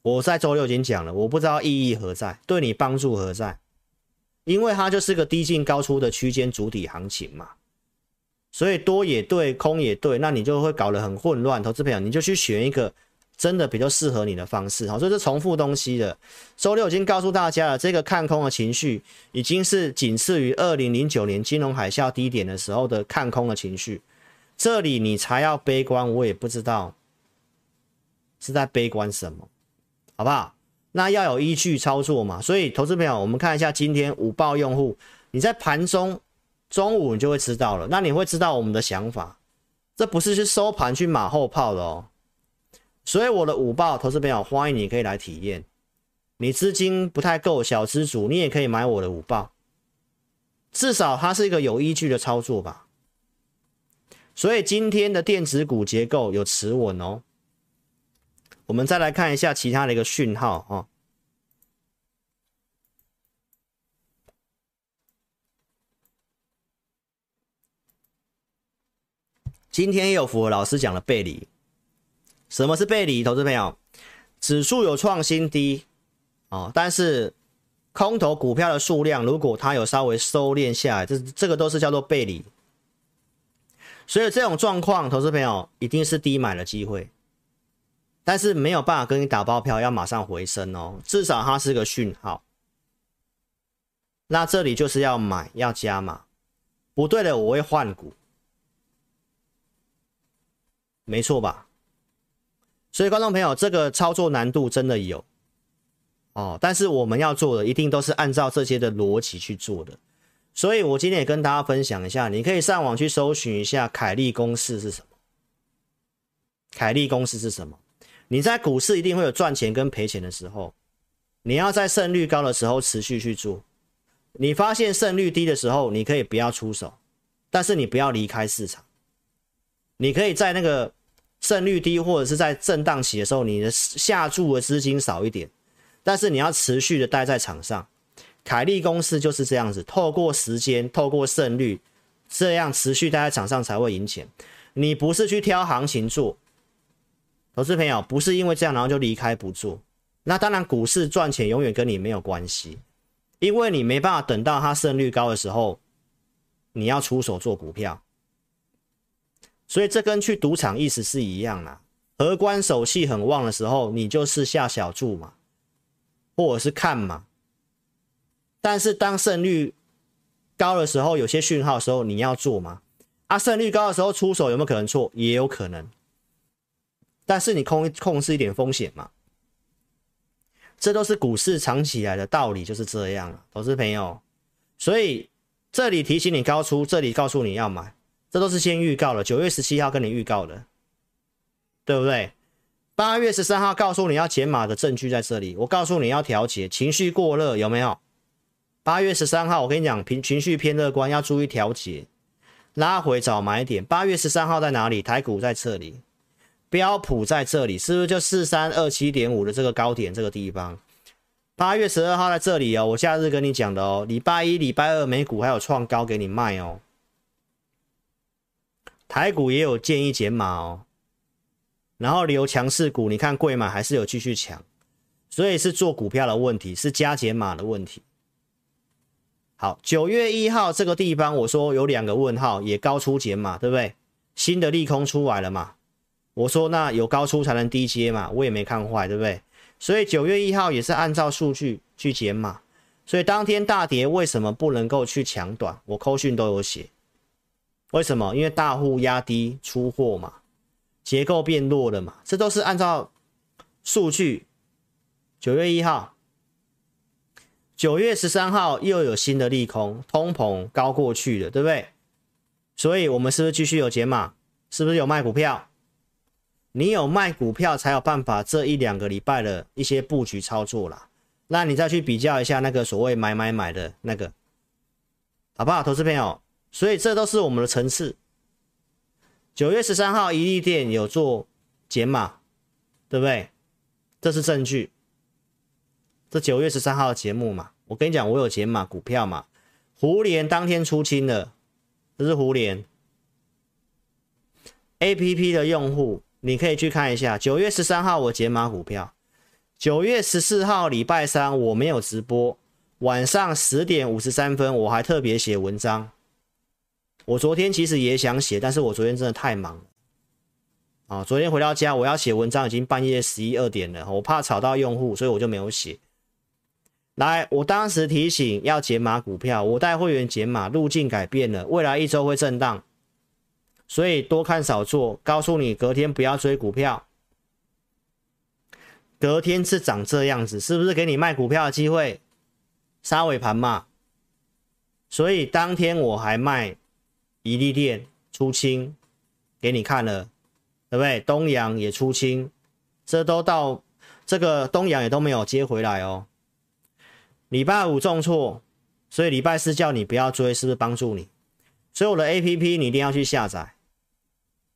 我在周六已經講了，我不知道意義何在，對你幫助何在？因為它就是個低進高出的區間主體行情嘛，所以多也對，空也對，那你就會搞得很混亂。投資朋友，你就去選一個。真的比較適合你的方式，好，所以這是重複東西的。周六已經告訴大家了，這個看空的情緒已經是僅次於二零零九年金融海嘯低點的時候的看空的情緒。這裡你才要悲觀，我也不知道是在悲觀什麼，好不好？那要有依據操作嘛。所以，投資朋友，我們看一下今天午報用戶，你在盤中中午你就會知道了，那你會知道我們的想法，這不是去收盤去馬後炮的哦。所以我的五報投資朋友，歡迎你可以來體驗。你資金不太夠，小資族你也可以買我的五報，至少它是一個有依據的操作吧。所以今天的電子股結構有持穩哦。我們再來看一下其他的一個訊號哦。今天也有符合老師講的背離。什麼是背離？投資朋友，指數有創新低哦，但是空頭股票的數量如果它有稍微收斂下來，這這個都是叫做背離。所以這種狀況，投資朋友一定是低買的機會，但是沒有辦法跟你打包票要馬上回升哦，至少它是個訊號。那這裡就是要買要加碼，不對的我會換股，沒錯吧？所以，觀眾朋友，這個操作難度真的有哦，但是我們要做的一定都是按照這些的邏輯去做的。所以我今天也跟大家分享一下，你可以上網去搜尋一下凱利公式是什麼？凱利公式是什麼？你在股市一定會有賺錢跟賠錢的時候，你要在勝率高的時候持續去做。你發現勝率低的時候，你可以不要出手，但是你不要離開市場，你可以在那個。勝率低，或者是在震盪期的時候，你的下注的資金少一點，但是你要持續的待在場上。凱利公式就是這樣子，透過時間，透過勝率，這樣持續待在場上才會贏錢。你不是去挑行情做，投資朋友，不是因為這樣然後就離開不做。那當然，股市賺錢永遠跟你沒有關係，因為你沒辦法等到它勝率高的時候，你要出手做股票。所以這跟去賭場意思是一樣啦。荷官手氣很旺的時候，你就是下小注嘛，或者是看嘛。但是當勝率高的時候，有些訊號的時候，你要做嘛。啊，勝率高的時候出手有沒有可能錯？也有可能。但是你控控制一點風險嘛。這都是股市藏起來的道理，就是這樣了，投資朋友。所以這裡提醒你高出，這裡告訴你要買。這都是先預告了，九月十七號跟你預告的，對不對？八月十三號告訴你要減碼的證據在這裡，我告訴你要調節情緒過熱有沒有？八月十三號我跟你講，情緒偏樂觀要注意調節，拉回找買點。八月十三號在哪裡？台股在這裡，標普在這裡，是不是就四三二七點五的這個高點這個地方？八月十二號在這裡哦，我假日跟你講的哦，禮拜一、禮拜二美股還有創高給你賣哦。台股也有建議減碼哦，然後留強勢股，你看貴嘛還是有繼續搶，所以是做股票的問題，是加減碼的問題。好，九月一號這個地方我說有兩個問號，也高出減碼，對不對？新的利空出來了嘛？我說那有高出才能低接嘛，我也沒看壞，對不對？所以九月一號也是按照數據去減碼，所以當天大跌為什麼不能夠去搶短？我扣訊都有寫。為什麼？因為大戶壓低出貨嘛，結構變弱了嘛，這都是按照數據。九月一號，九月十三號又有新的利空，通膨高過去的，對不對？所以，我們是不是繼續有減碼？是不是有賣股票？你有賣股票才有辦法這一兩個禮拜的一些布局操作啦。那你再去比較一下那個所謂買買買的那個，好不好，投資朋友？所以這都是我們的層次。九月十三號，一利店有做減碼，對不對？這是證據。這九月十三號的節目嘛，我跟你講，我有減碼股票嘛。胡蓮當天出清了，這是胡蓮 APP 的用戶，你可以去看一下。九月十三號我減碼股票，九月十四號禮拜三我沒有直播，晚上十點五十三分我還特別寫文章。我昨天其實也想寫，但是我昨天真的太忙了啊！昨天回到家，我要寫文章已經半夜十一二點了，我怕吵到用戶，所以我就沒有寫。來，我當時提醒要減碼股票，我帶會員減碼路徑改變了，未來一周會震盪，所以多看少做。告訴你，隔天不要追股票，隔天是長這樣子，是不是給你賣股票的機會？殺尾盤嘛，所以當天我還賣。以色店出清，給你看了，對不對？東陽也出清，這都到這個東陽也都沒有接回來哦。禮拜五重挫，所以禮拜四叫你不要追，是不是幫助你？所以我的 APP 你一定要去下載。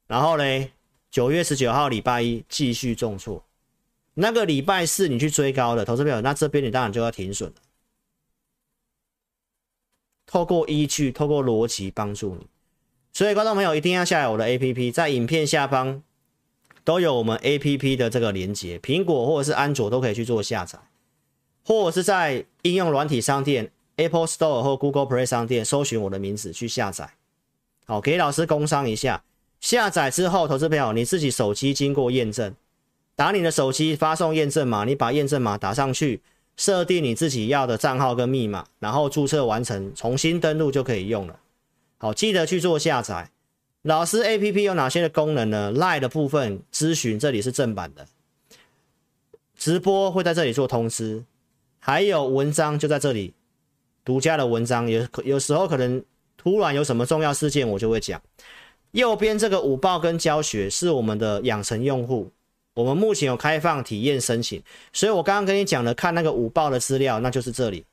然後嘞，九月十九號禮拜一繼續重挫，那個禮拜四你去追高了，投資朋友，那這邊你當然就要停損了。透過依據，透過邏輯幫助你。所以，觀眾朋友一定要下載我的 APP，在影片下方都有我們 APP 的這個連接，蘋果或者是安卓都可以去做下載，或者是在應用軟體商店 Apple Store 或 Google Play 商店搜尋我的名字去下載。好，給老師工商一下，下載之後，投資朋友你自己手機經過驗證，打你的手機發送驗證碼，你把驗證碼打上去，設定你自己要的賬號跟密碼，然後註冊完成，重新登錄就可以用了。好，記得去做下載。老師 APP 有哪些的功能呢？LINE 的部分諮詢這裡是正版的，直播會在這裡做通知，還有文章就在這裡，獨家的文章有，有時候可能突然有什麼重要事件，我就會講。右邊這個五報跟教學是我們的養成用戶，我們目前有開放體驗申請，所以我剛剛跟你講的看那個五報的資料，那就是這裡，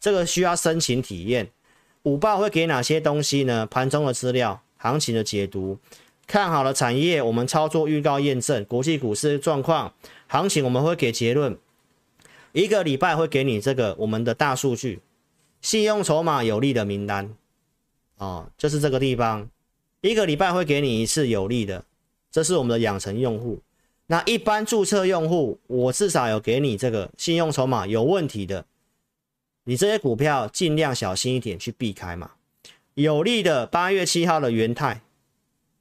這個需要申請體驗。五報會給哪些東西呢？盤中的資料、行情的解讀、看好了產業，我們操作預告、驗證國際股市狀況、行情，我們會給結論。一個禮拜會給你這個我們的大數據信用籌碼有利的名單啊、哦，就是這個地方，一個禮拜會給你一次有利的。這是我們的養成用戶，那一般註冊用戶，我至少有給你這個信用籌碼有問題的。你這些股票盡量小心一點去避開嘛。有利的八月七號的元泰，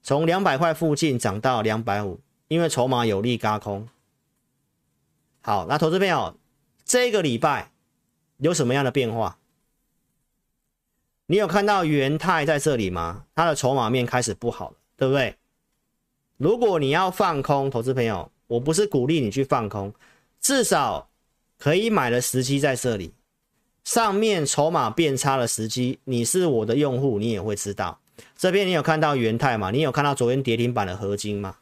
從兩百塊附近漲到兩百五，因為籌碼有利軋空。好，那投資朋友，這個禮拜有什麼樣的變化？你有看到元泰在這裡嗎？它的籌碼面開始不好了，對不對？如果你要放空，投資朋友，我不是鼓勵你去放空，至少可以買的時機在這裡。上面籌碼變差的時機，你是我的用戶，你也會知道。這邊你有看到元泰嗎？你有看到昨天跌停板的合金嗎？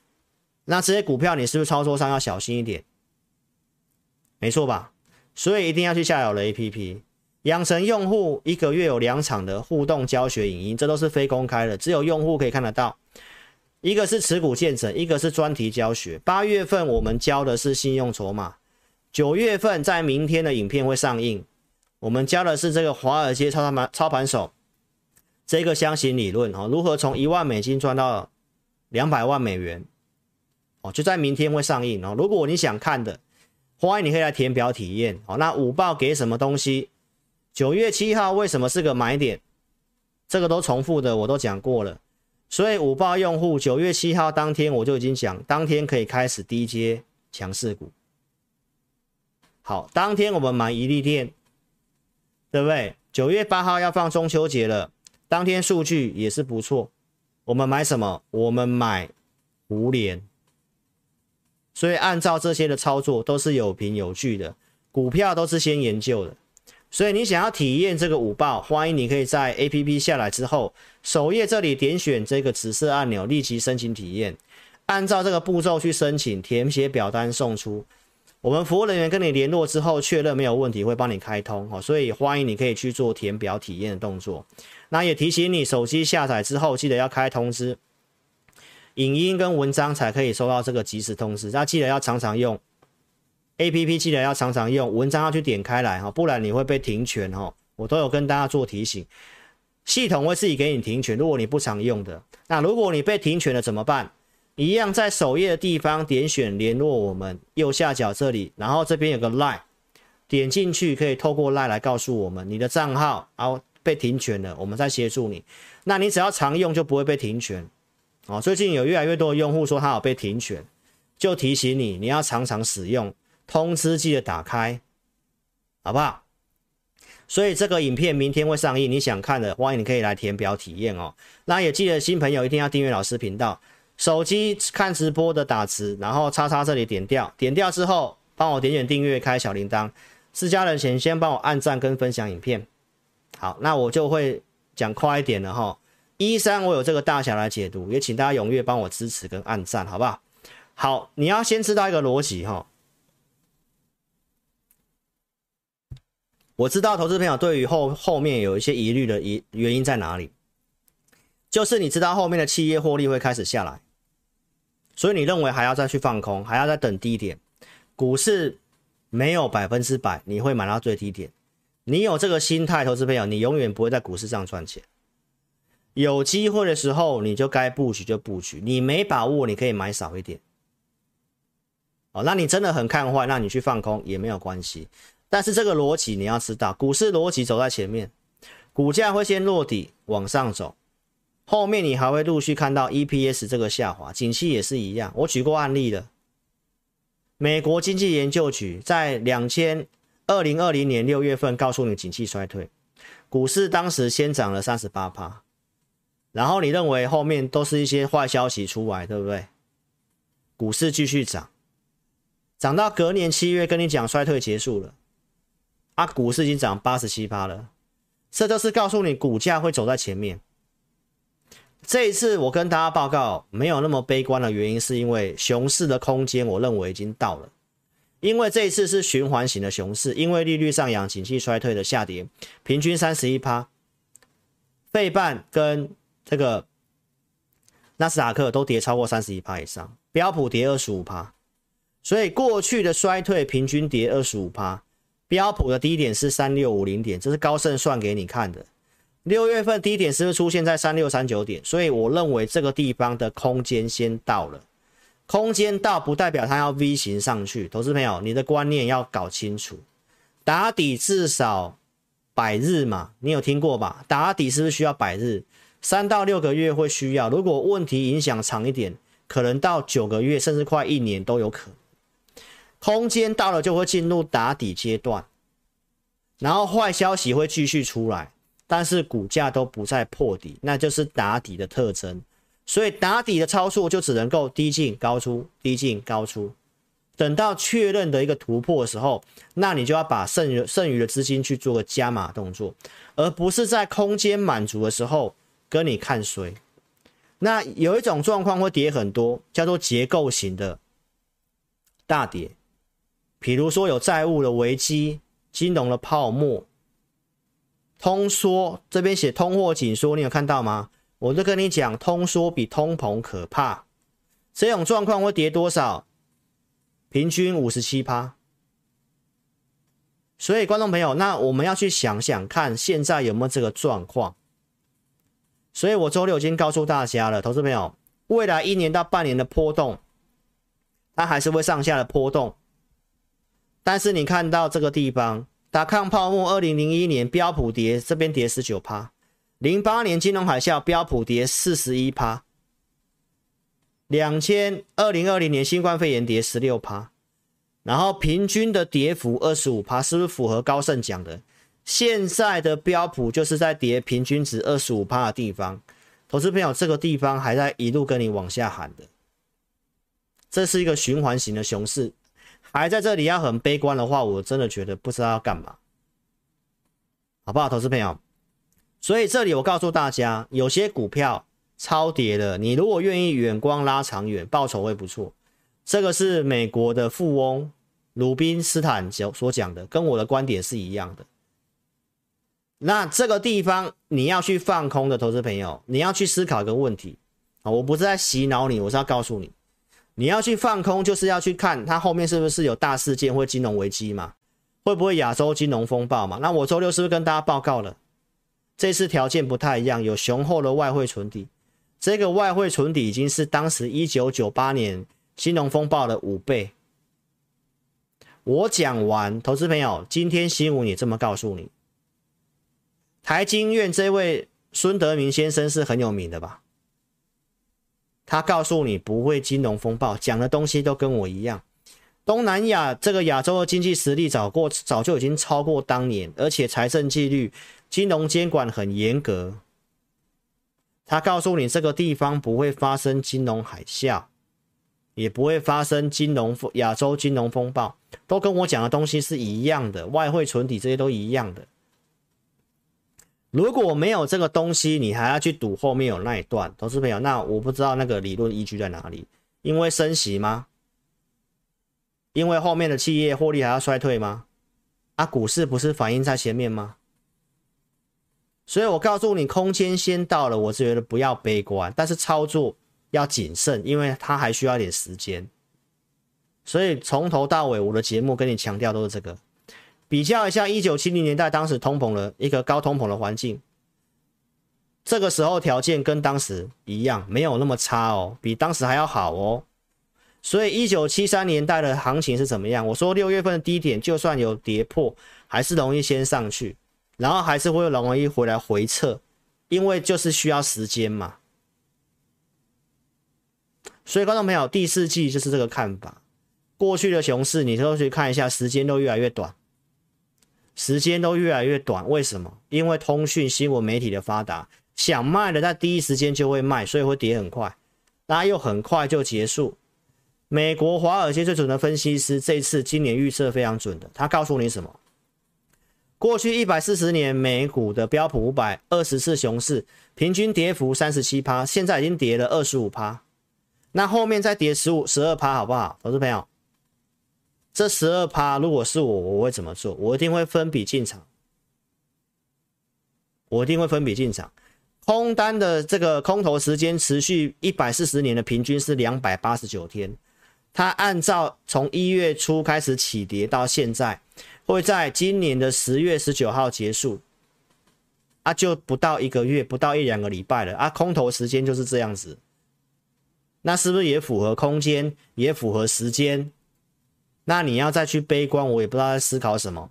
那這些股票你是不是操作上要小心一點？沒錯吧？所以一定要去下載了 APP，養成用戶一個月有兩場的互動教學影音，這都是非公開的，只有用戶可以看得到。一個是持股建成，一個是專題教學。八月份我們教的是信用籌碼，九月份在明天的影片會上映。我們教的是這個華爾街操盤操盤手這個箱型理論哦，如何從一萬美金賺到兩百萬美元哦，就在明天會上映哦。如果你想看的，歡迎你可以來填表體驗哦。那五報給什麼東西？九月七號為什麼是個買點？這個都重複的，我都講過了。所以五報用戶九月七號當天我就已經講，當天可以開始低階強勢股。好，當天我們買伊利電。對不對？九月八號要放中秋節了，當天數據也是不錯。我們買什麼？我們買五聯。所以按照這些的操作都是有憑有據的，股票都是先研究的。所以你想要體驗這個五報，歡迎你可以在 APP 下載之後，首頁這裡點選這個紫色按鈕，立即申請體驗。按照這個步驟去申請，填寫表單送出。我們服務人員跟你聯絡之後，確認沒有問題，會幫你開通哦。所以歡迎你可以去做填表體驗的動作。那也提醒你，手機下載之後記得要開通知、影音跟文章，才可以收到這個即時通知。那記得要常常用 APP，記得要常常用，文章要去點開來哈，不然你會被停權哈。我都有跟大家做提醒，系統會自己給你停權。如果你不常用的，那如果你被停權了怎麼辦？一樣在首頁的地方點選聯絡我們，右下角這裡，然後這邊有個 Line，點進去可以透過 Line 來告訴我們你的賬號然後被停權了，我們再協助你。那你只要常用就不會被停權啊。最近有越來越多的用戶說他有被停權，就提醒你，你要常常使用通知，記得打開，好不好？所以這個影片明天會上映，你想看的歡迎你可以來填表體驗哦。那也記得新朋友一定要訂閱老師頻道。手機看直播的打詞，然後叉叉這裡點掉，點掉之後幫我點點訂閱開小鈴鐺。私家人先先幫我按讚跟分享影片。好，那我就會講快一點了齁。13我有這個大俠來解讀，也請大家踴躍幫我支持跟按讚，好不好？好，你要先知道一個邏輯齁。我知道投資朋友對於後後面有一些疑慮的疑原因在哪裡，就是你知道後面的企業獲利會開始下來。所以你認為還要再去放空，還要再等低點？股市沒有百分之百你會買到最低點。你有這個心態，投資朋友，你永遠不會在股市上賺錢。有機會的時候，你就該布局就布局，你沒把握，你可以買少一點。哦，那你真的很看壞，那你去放空也沒有關係。但是這個邏輯你要知道，股市邏輯走在前面，股價會先落底往上走。後面你還會陸續看到 EPS 這個下滑，景氣也是一樣。我舉過案例的，美國經濟研究局在兩千二零二零年六月份告訴你景氣衰退，股市當時先漲了三十八%，然後你認為後面都是一些壞消息出來，對不對？股市繼續漲，漲到隔年七月跟你講衰退結束了，啊，股市已經漲八十七%了，這就是告訴你股價會走在前面。這一次我跟大家報告沒有那麼悲觀的原因，是因為熊市的空間我認為已經到了，因為這一次是循環型的熊市，因為利率上揚、景氣衰退的下跌，平均三十一趴，費半跟這個納斯達克都跌超過三十一趴以上，標普跌二十五趴，所以過去的衰退平均跌二十五趴，標普的低點是三六五零點，這是高盛算給你看的。六月份低點是不是出現在三六三九點？所以我認為這個地方的空間先到了，空間到不代表它要 V 型上去。投資朋友，你的觀念要搞清楚，打底至少百日嘛，你有聽過吧？打底是不是需要百日？三到六個月會需要，如果問題影響長一點，可能到九個月甚至快一年都有可能。空間到了就會進入打底階段，然後壞消息會繼續出來。但是股價都不再破底，那就是打底的特徵。所以打底的操作就只能夠低進高出，低進高出。等到確認的一個突破的時候，那你就要把剩餘剩餘的資金去做個加碼動作，而不是在空間滿足的時候跟你看衰。那有一種狀況會跌很多，叫做結構型的大跌，比如說有債務的危機、金融的泡沫。通縮這邊寫通貨緊縮，你有看到嗎？我就跟你講，通縮比通膨可怕。這種狀況會跌多少？平均五十七趴。所以觀眾朋友，那我們要去想想看，現在有沒有這個狀況？所以我週六已經告訴大家了，投資朋友，未來一年到半年的波動，它還是會上下的波動。但是你看到這個地方。打抗泡沫，二零零一年標普跌這邊跌十九趴，零八年金融海嘯標普跌四十一趴，兩千二零二零年新冠肺炎跌十六趴，然後平均的跌幅二十五趴，是不是符合高盛講的？現在的標普就是在跌平均值二十五趴的地方，投資朋友，這個地方還在一路跟你往下喊的，這是一個循環型的熊市。還在這裡要很悲觀的話，我真的覺得不知道要幹嘛，好不好，投資朋友？所以這裡我告訴大家，有些股票超跌了，你如果願意遠光拉長遠，報酬會不錯。這個是美國的富翁魯賓斯坦所講的，跟我的觀點是一樣的。那這個地方你要去放空的投資朋友，你要去思考一個問題啊，我不是在洗腦你，我是要告訴你。你要去放空，就是要去看它後面是不是有大事件或金融危機嘛？會不會亞洲金融風暴嘛？那我週六是不是跟大家報告了？這次條件不太一樣，有雄厚的外匯存底，這個外匯存底已經是當時一九九八年金融風暴的五倍。我講完，投資朋友，今天新聞也這麼告訴你。台經院這位孫德明先生是很有名的吧？他告訴你不會金融風暴，講的東西都跟我一樣。東南亞這個亞洲的經濟實力早過早就已經超過當年，而且財政紀律、金融監管很嚴格。他告訴你這個地方不會發生金融海嘯，也不會發生金融、亞洲金融風暴，都跟我講的東西是一樣的，外匯存底這些都一樣的。如果沒有這個東西，你還要去賭後面有那一段？投資朋友，那我不知道那個理論依據在哪裡？因為升息嗎？因為後面的企業獲利還要衰退嗎？啊，股市不是反映在前面嗎？所以我告訴你，空間先到了，我是覺得不要悲觀，但是操作要謹慎，因為它還需要一點時間。所以從頭到尾，我的節目跟你強調都是這個。比較一下，一九七零年代當時通膨、的一個高通膨的環境，這個時候條件跟當時一樣，沒有那麼差哦，比當時還要好哦。所以一九七三年代的行情是怎麼樣？我說六月份的低點就算有跌破，還是容易先上去，然後還是會容易回來回撤，因為就是需要時間嘛。所以觀眾朋友，第四季就是這個看法。過去的熊市，你都去看一下，時間都越來越短。時間都越來越短，為什麼？因為通訊、新聞、媒體的發達，想賣的在第一時間就會賣，所以會跌很快，那又很快就結束。美國華爾街最準的分析師，這一次今年預測非常準的，他告訴你什麼？過去一百四十年美股的標普五百二十四熊市，平均跌幅，三十七趴，現在已經跌了二十五趴，那後面再跌十五、十二趴，好不好，投資朋友？這十二趴，如果是我，我會怎麼做？我一定會分筆進場，我一定會分筆進場。空單的這個空頭時間持續一百四十年的平均是兩百八十九天，它按照從一月初開始起跌到現在，會在今年的十月十九號結束，啊，就不到一個月，不到一兩個禮拜了啊，空頭時間就是這樣子。那是不是也符合空間，也符合時間？那你要再去悲觀，我也不知道在思考什麼，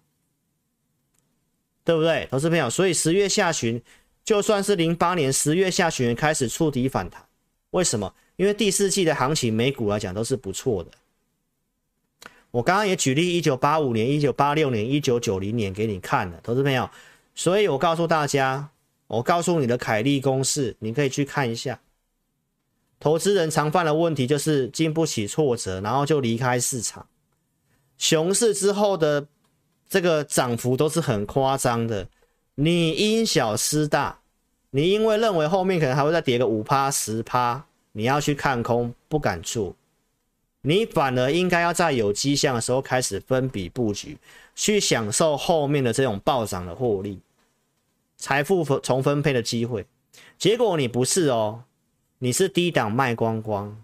對不對？投資朋友，所以十月下旬，就算是零八年十月下旬開始觸底反彈，為什麼？因為第四季的行情，美股來講都是不錯的。我剛剛也舉例一九八五年、一九八六年、一九九零年給你看了，投資朋友。所以我告訴大家，我告訴你的凱利公式，你可以去看一下。投資人常犯的問題就是經不起挫折，然後就離開市場。熊市之後的這個漲幅都是很誇張的，你因小失大，你因為認為後面可能還會再跌個五趴十趴，你要去看空不敢做，你反而應該要在有跡象的時候開始分批布局，去享受後面的這種暴漲的獲利，財富重分配的機會，結果你不是哦，你是低檔賣光光，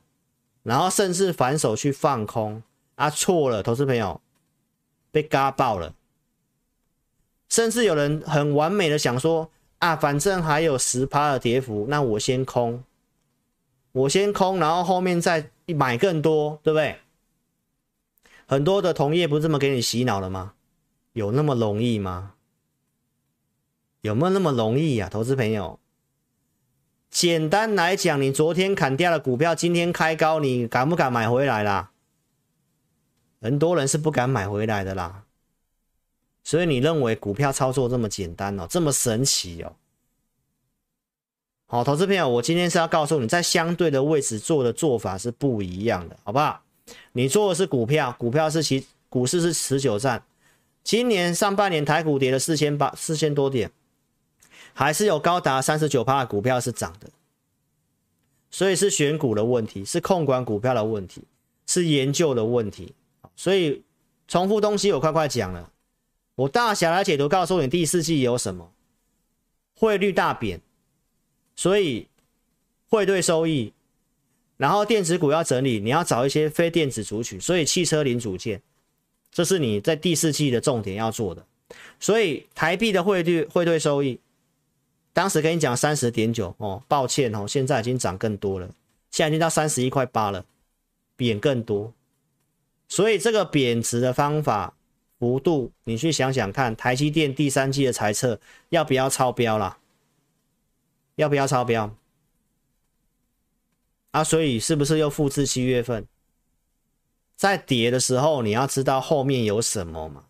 然後甚至反手去放空。啊，錯了，投資朋友，被嘎爆了。甚至有人很完美的想說啊，反正還有十趴的跌幅，那我先空，我先空，然後後面再買更多，對不對？很多的同業不是這麼給你洗腦的嗎？有那麼容易嗎？有沒有那麼容易呀？啊，投資朋友？簡單來講，你昨天砍掉的股票，今天開高，你敢不敢買回來啦？很多人是不敢買回來的啦，所以你認為股票操作這麼簡單哦，這麼神奇哦？好，投資朋友，我今天是要告訴你，在相對的位置做的做法是不一樣的，好不好？你做的是股票，股票是其，股市是持久戰。今年上半年台股跌了四千八四千多點，還是有高達三十九趴的股票是漲的，所以是選股的問題，是控管股票的問題，是研究的問題。所以重複東西我快快講了，我大俠來解讀，告訴你第四季有什麼匯率大貶，所以匯兌收益，然後電子股要整理，你要找一些非電子族群，所以汽車零組件，這是你在第四季的重點要做的。所以台幣的匯率匯兌收益，當時跟你講三十點九哦，抱歉哦，現在已經漲更多了，現在已經到三十一塊八了，貶更多。所以這個貶值的方法幅度，你去想想看，台積電第三季的財測要不要超標啦？要不要超標？啊，所以是不是又複製七月份在跌的時候，你要知道後面有什麼嘛？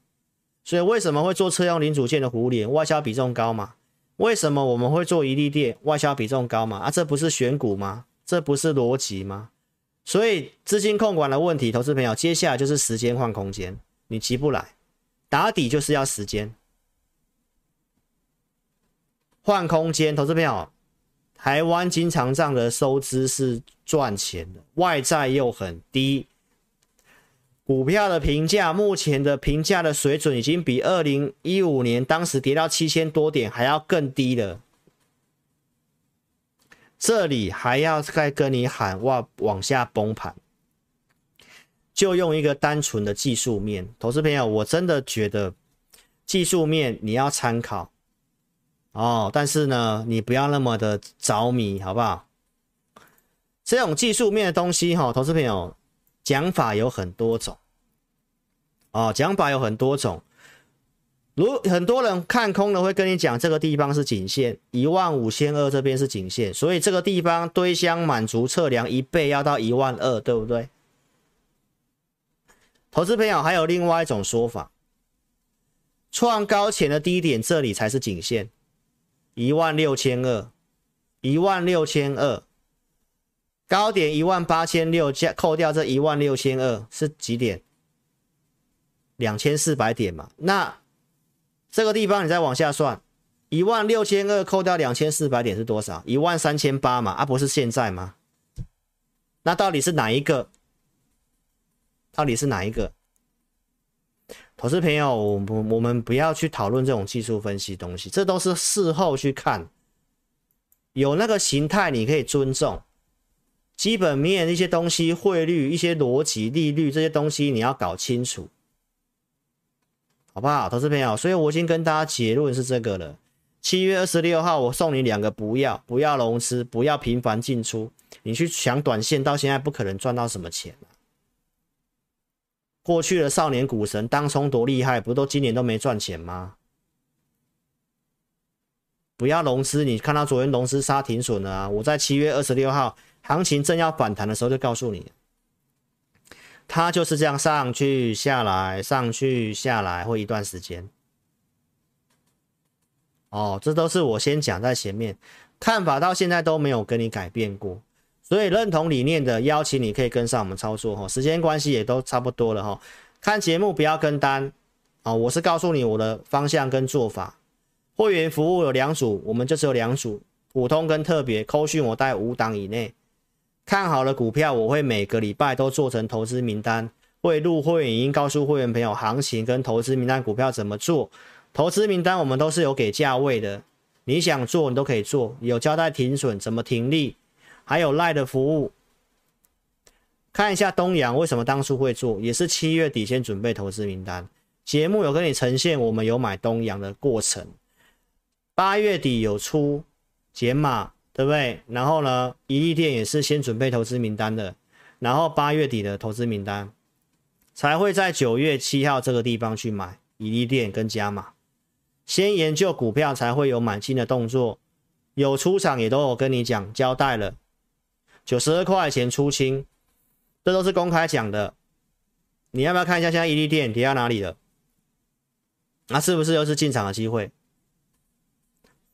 所以為什麼會做車用零組件的胡連外銷比重高嘛？為什麼我們會做一力電外銷比重高嘛？啊，這不是選股嗎？這不是邏輯嗎？所以資金控管的問題，投資朋友，接下來就是時間換空間。你急不來，打底就是要時間換空間。投資朋友，台灣經常帳的收支是賺錢的，外債又很低，股票的評價目前的評價的水準已經比二零一五年當時跌到七千多點還要更低了。這裡還要再跟你喊哇，往下崩盤，就用一個單純的技術面。投資朋友，我真的覺得技術面你要參考哦，但是呢，你不要那麼的着迷，好不好？這種技術面的東西哈、哦，投資朋友講法有很多種哦，講法有很多種。如很多人看空的會跟你講，這個地方是頸線，一萬五千二這邊是頸線，所以這個地方堆箱滿足測量一倍要到一萬二，對不對？投資朋友還有另外一種說法，創高前的低點這裡才是頸線，一萬六千二，一萬六千二，高點一萬八千六，加扣掉這一萬六千二是幾點？兩千四百點嘛，那。這個地方你再往下算，一萬六千二扣掉兩千四百點是多少？一萬三千八嘛，啊不是現在嗎？那到底是哪一個？到底是哪一個？投資朋友，我我們不要去討論這種技術分析東西，這都是事後去看，有那個形態你可以尊重，基本面的一些東西、匯率一些邏輯、利率這些東西你要搞清楚。好不好，投資朋友，所以我已經跟大家結論是這個了。七月二十六號，我送你兩個，不要，不要融資，不要頻繁進出，你去搶短線，到現在不可能賺到什麼錢。過去的少年股神當沖多厲害，不都今年都沒賺錢嗎？不要融資，你看到昨天融資殺停損了啊！我在七月二十六號行情正要反彈的時候就告訴你。它就是這樣上去下來，上去下來，會一段時間。哦，這都是我先講在前面，看法到現在都沒有跟你改變過，所以認同理念的邀請你可以跟上我們操作哦，時間關係也都差不多了哈，看節目不要跟單哦，我是告訴你我的方向跟做法。會員服務有兩組，我們就只有兩組，普通跟特別。扣訊我帶五檔以內。看好了，股票，我會每個禮拜都做成投資名單，會錄會員影音，告訴會員朋友行情跟投資名單股票怎麼做。投資名單我們都是有給價位的，你想做你都可以做，有交代停損怎麼停利，還有賴的服務。看一下東洋為什麼當初會做，也是七月底先準備投資名單，節目有跟你呈現我們有買東洋的過程。八月底有出減碼。對不對？然後呢，伊利店也是先準備投資名單的，然後八月底的投資名單，才會在九月七號這個地方去買伊利店跟加碼。先研究股票，才會有買進的動作。有出場也都有跟你講交代了，九十二塊錢出清，這都是公開講的。你要不要看一下現在伊利店跌到哪裡了？那、啊、是不是又是進場的機會？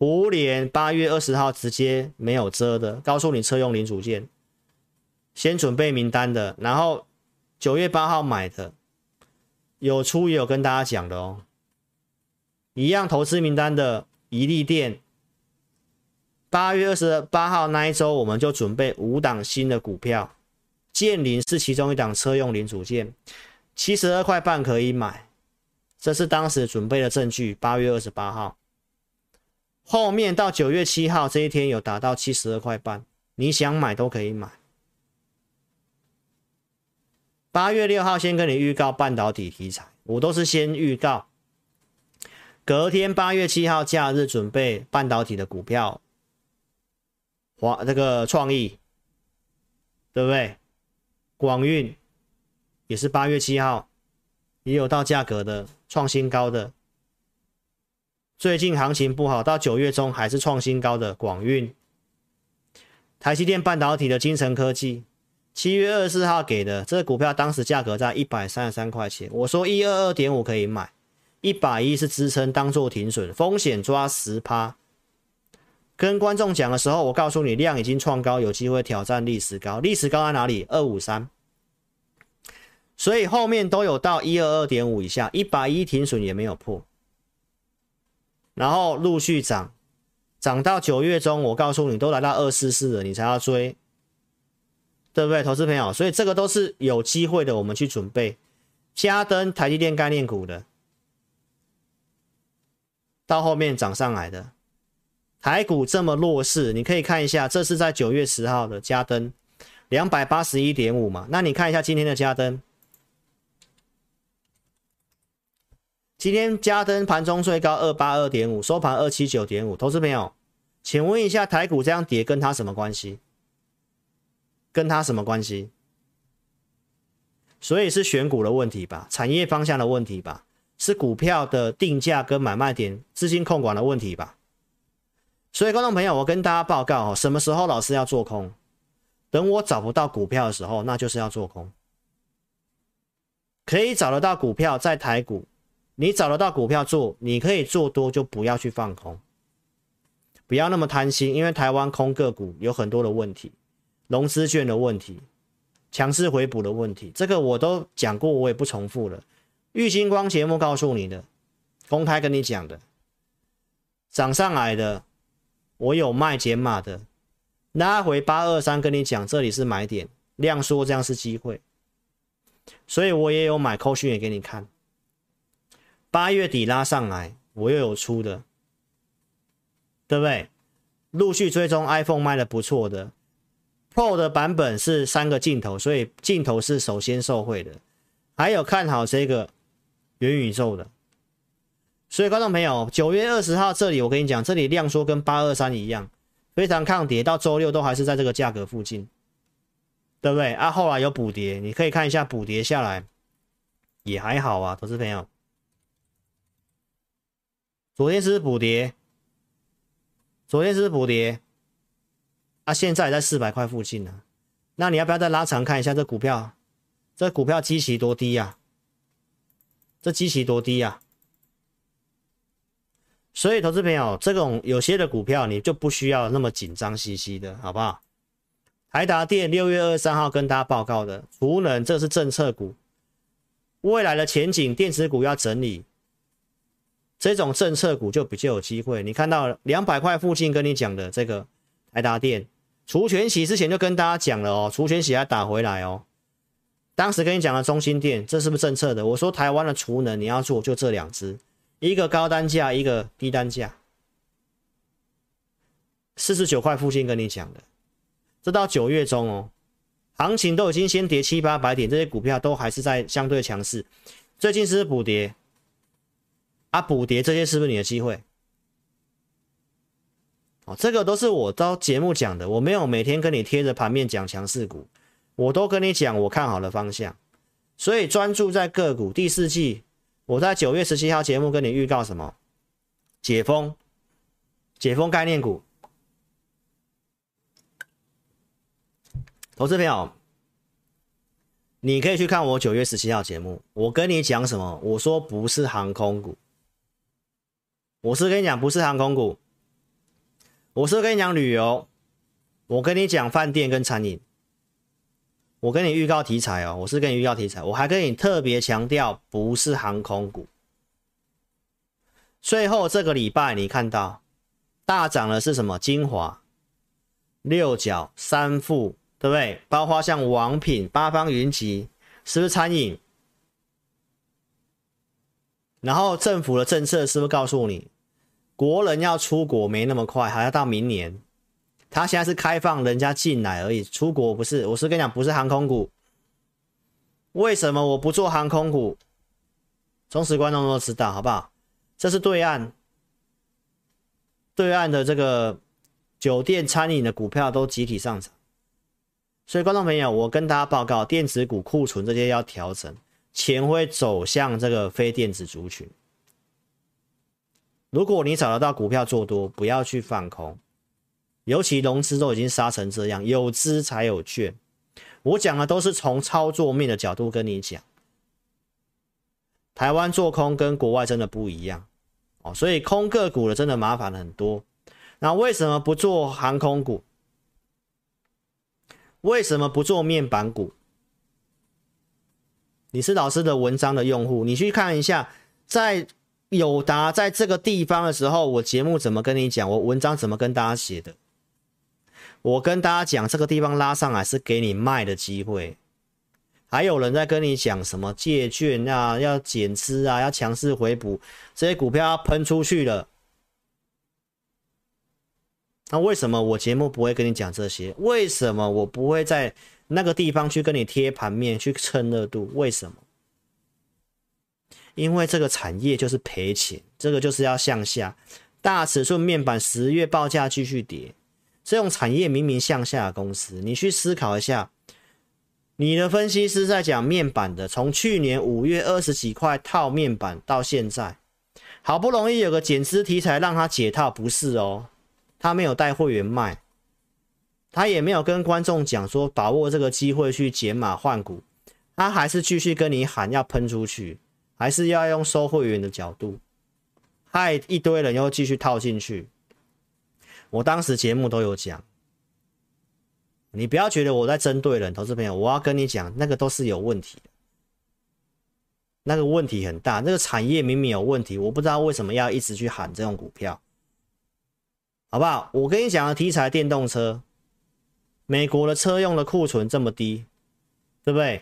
胡連八月二十號直接沒有遮的，告訴你車用零組件，先準備名單的，然後九月八號買的，有出也有跟大家講的哦。一樣投資名單的一粒店，一立電，八月二十八號那一周我們就準備五檔新的股票，建林是其中一檔車用零組件，七十二塊半可以買，這是當時準備的證據，八月二十八號。後面到九月七號這一天有達到七十二塊半，你想買都可以買。八月六號先跟你預告半導體題材，我都是先預告，隔天八月七號假日準備半導體的股票，華這個創意，對不對？廣運也是八月七號，也有到價格的創新高的。最近行情不好，到九月中還是創新高的廣運、台積電半導體的精誠科技，七月二十四號給的這個股票，當時價格在一百三十三塊錢，我說一二二點五可以買，一百一是支撐，當做停損，風險抓十趴。跟觀眾講的時候，我告訴你量已經創高，有機會挑戰歷史高，歷史高在哪裡？二五三，所以後面都有到一二二點五以下，一百一停損也沒有破。然後陸續漲，漲到九月中，我告訴你都來到二四四了，你才要追，對不對？投資朋友？所以這個都是有機會的，我們去準備家登台積電概念股的，到後面漲上來的。台股這麼弱勢，你可以看一下，這是在九月十號的家登兩百八十一點五嘛？那你看一下今天的家登。今天加登盤中最高二八二點五，收盤二七九點五。投資朋友，請問一下，台股這樣跌跟他什麼關係？跟他什麼關係？所以是選股的問題吧，產業方向的問題吧，是股票的定價跟買賣點、資金控管的問題吧？所以觀眾朋友，我跟大家報告哦，什麼時候老師要做空？等我找不到股票的時候，那就是要做空。可以找得到股票，在台股。你找得到股票做，你可以做多，就不要去放空，不要那麼貪心，因為台灣空個股有很多的問題，融資券的問題，強勢回補的問題，這個我都講過，我也不重複了。玉金光節目告訴你的，公開跟你講的，漲上來的，我有賣減碼的，拉回八二三跟你講這裡是買點，量縮這樣是機會，所以我也有買扣訊也給你看。八月底拉上來，我又有出的，對不對？陸續追蹤 iPhone 賣的不錯的，Pro 的版本是三個鏡頭，所以鏡頭是首先受惠的。還有看好這個元宇宙的，所以觀眾朋友，九月二十號這裡我跟你講，這裡量縮跟八二三一樣，非常抗跌，到週六都還是在這個價格附近，對不對？啊，後來有補跌，你可以看一下補跌下來也還好啊，投資朋友。昨天是，不是補跌，昨天是，不是補跌，啊，現在也在四百塊附近呢、啊。那你要不要再拉長看一下這股票？這股票基期多低呀、啊？這基期多低呀、啊？所以，投資朋友，這種有些的股票，你就不需要那麼緊張兮兮的，好不好？台達電六月二十三號跟大家報告的，儲能這是政策股，未來的前景，電子股要整理。這種政策股就比較有機會，你看到兩百塊附近跟你講的這個台達電除權息之前就跟大家講了哦，除權息還打回來哦。當時跟你講的中興電，這是不是政策的？我說台灣的儲能你要做就這兩隻，一個高單價，一個低單價。四十九塊附近跟你講的，這到九月中哦，行情都已經先跌七八百點，這些股票都還是在相對強勢，最近是不是補跌？啊，補跌這些是不是你的機會？哦，這個都是我到節目講的，我沒有每天跟你貼着盤面講強勢股，我都跟你講我看好的方向，所以專注在個股。第四季，我在九月十七號節目跟你預告什麼？解封，解封概念股。投資朋友，你可以去看我九月十七號節目，我跟你講什麼？我說不是航空股。我是跟你講，不是航空股。我是跟你講旅遊，我跟你講飯店跟餐飲。我跟你預告題材哦，我是跟你預告題材。我還跟你特別強調，不是航空股。最後這個禮拜，你看到大漲的是什麼？晶華、六角、三富，對不對？包括像王品、八方雲集，是不是餐飲？然後政府的政策是不是告訴你，國人要出國沒那麼快，還要到明年？他現在是開放人家進來而已，出國不是？我是跟你講，不是航空股。為什麼我不做航空股？忠實觀眾都知道，好不好？這是對岸，對岸的這個酒店、餐飲的股票都集體上漲，所以觀眾朋友，我跟大家報告，電子股庫存這些要調整。錢會走向這個非電子族群。如果你找得到股票做多，不要去放空，尤其融資都已經殺成這樣，有資才有券。我講的都是從操作面的角度跟你講。台灣做空跟國外真的不一樣哦，所以空個股的真的麻煩很多。那為什麼不做航空股？為什麼不做面板股？你是老師的文章的用戶，你去看一下，在友達在這個地方的時候，我節目怎麼跟你講，我文章怎麼跟大家寫的。我跟大家講，這個地方拉上來是給你賣的機會。還有人在跟你講什麼借券啊，要減資啊，要強勢回補，這些股票要噴出去了。那為什麼我節目不會跟你講這些？為什麼我不會在那個地方去跟你貼盤面去蹭熱度，為什麼？因為這個產業就是賠錢，這個就是要向下。大尺寸面板十月報價繼續跌，這種產業明明向下的公司，你去思考一下，你的分析師在講面板的，從去年五月二十幾塊套面板到現在，好不容易有個減資題材讓他解套，不是哦，他沒有帶會員賣。他也沒有跟觀眾講說把握這個機會去解碼換股，他還是繼續跟你喊要噴出去，還是要用收會員的角度害一堆人又繼續套進去。我當時節目都有講，你不要覺得我在針對人。投資朋友，我要跟你講，那個都是有問題，那個問題很大，那個產業明明有問題，我不知道為什麼要一直去喊這種股票，好不好？我跟你講的題材電動車。美國的車用的庫存這麼低，對不對？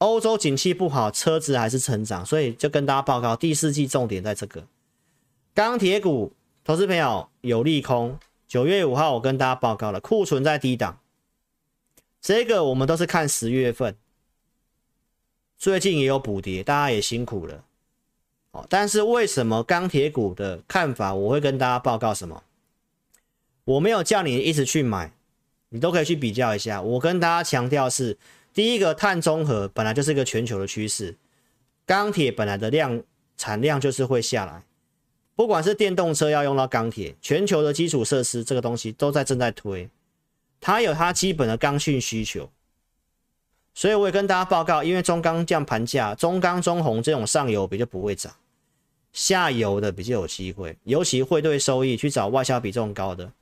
歐洲景氣不好，車子還是成長，所以就跟大家報告，第四季重點在這個鋼鐵股。投資朋友有利空，九月五號我跟大家報告了，庫存在低檔，這個我們都是看十月份，最近也有補跌，大家也辛苦了。好，但是為什麼鋼鐵股的看法，我會跟大家報告什麼？我沒有叫你一直去買。你都可以去比較一下。我跟大家強調是，第一個碳中和本來就是一個全球的趨勢，鋼鐵本來的量產量就是會下來。不管是電動車要用到鋼鐵，全球的基礎設施這個東西都在正在推，它有它基本的剛性需求。所以我也跟大家報告，因為中鋼降盤價，中鋼中鴻這種上游比較不會漲，下游的比較有機會，尤其匯兌收益去找外銷比重高的。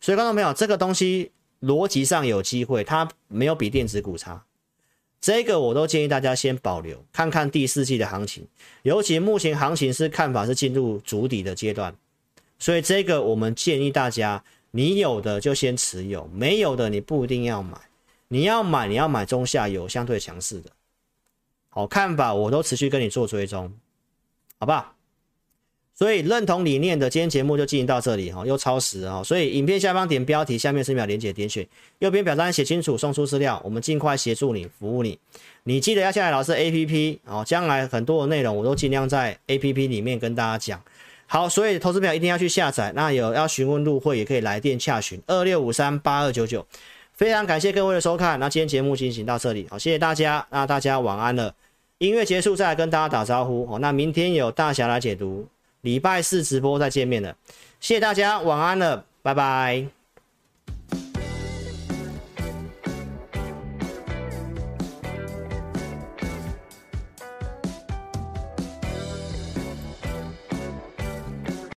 所以看到沒有，這個東西。邏輯上有機會，它沒有比電子股差，這個我都建議大家先保留，看看第四季的行情。尤其目前行情是看法是進入築底的階段，所以這個我們建議大家，你有的就先持有，沒有的你不一定要買。你要買，你要買中下游相對強勢的。好，看法我都持續跟你做追蹤，好不好？所以認同理念的，今天節目就進行到這裡哈，又超時了，所以影片下方點標題，下面是秒連結點選，右邊表單寫清楚送出資料，我們盡快協助你服務你。你記得要下載老師 APP 哦，將來很多的內容我都盡量在 APP 裡面跟大家講。好，所以投資表一定要去下載。那有要詢問入會也可以來電洽詢二六五三八二九九。非常感謝各位的收看，那今天節目進行到這裡，好，謝謝大家，那大家晚安了。音樂結束再來跟大家打招呼，那明天有大俠來解讀。禮拜四直播再見面了，謝謝大家，晚安了，拜拜。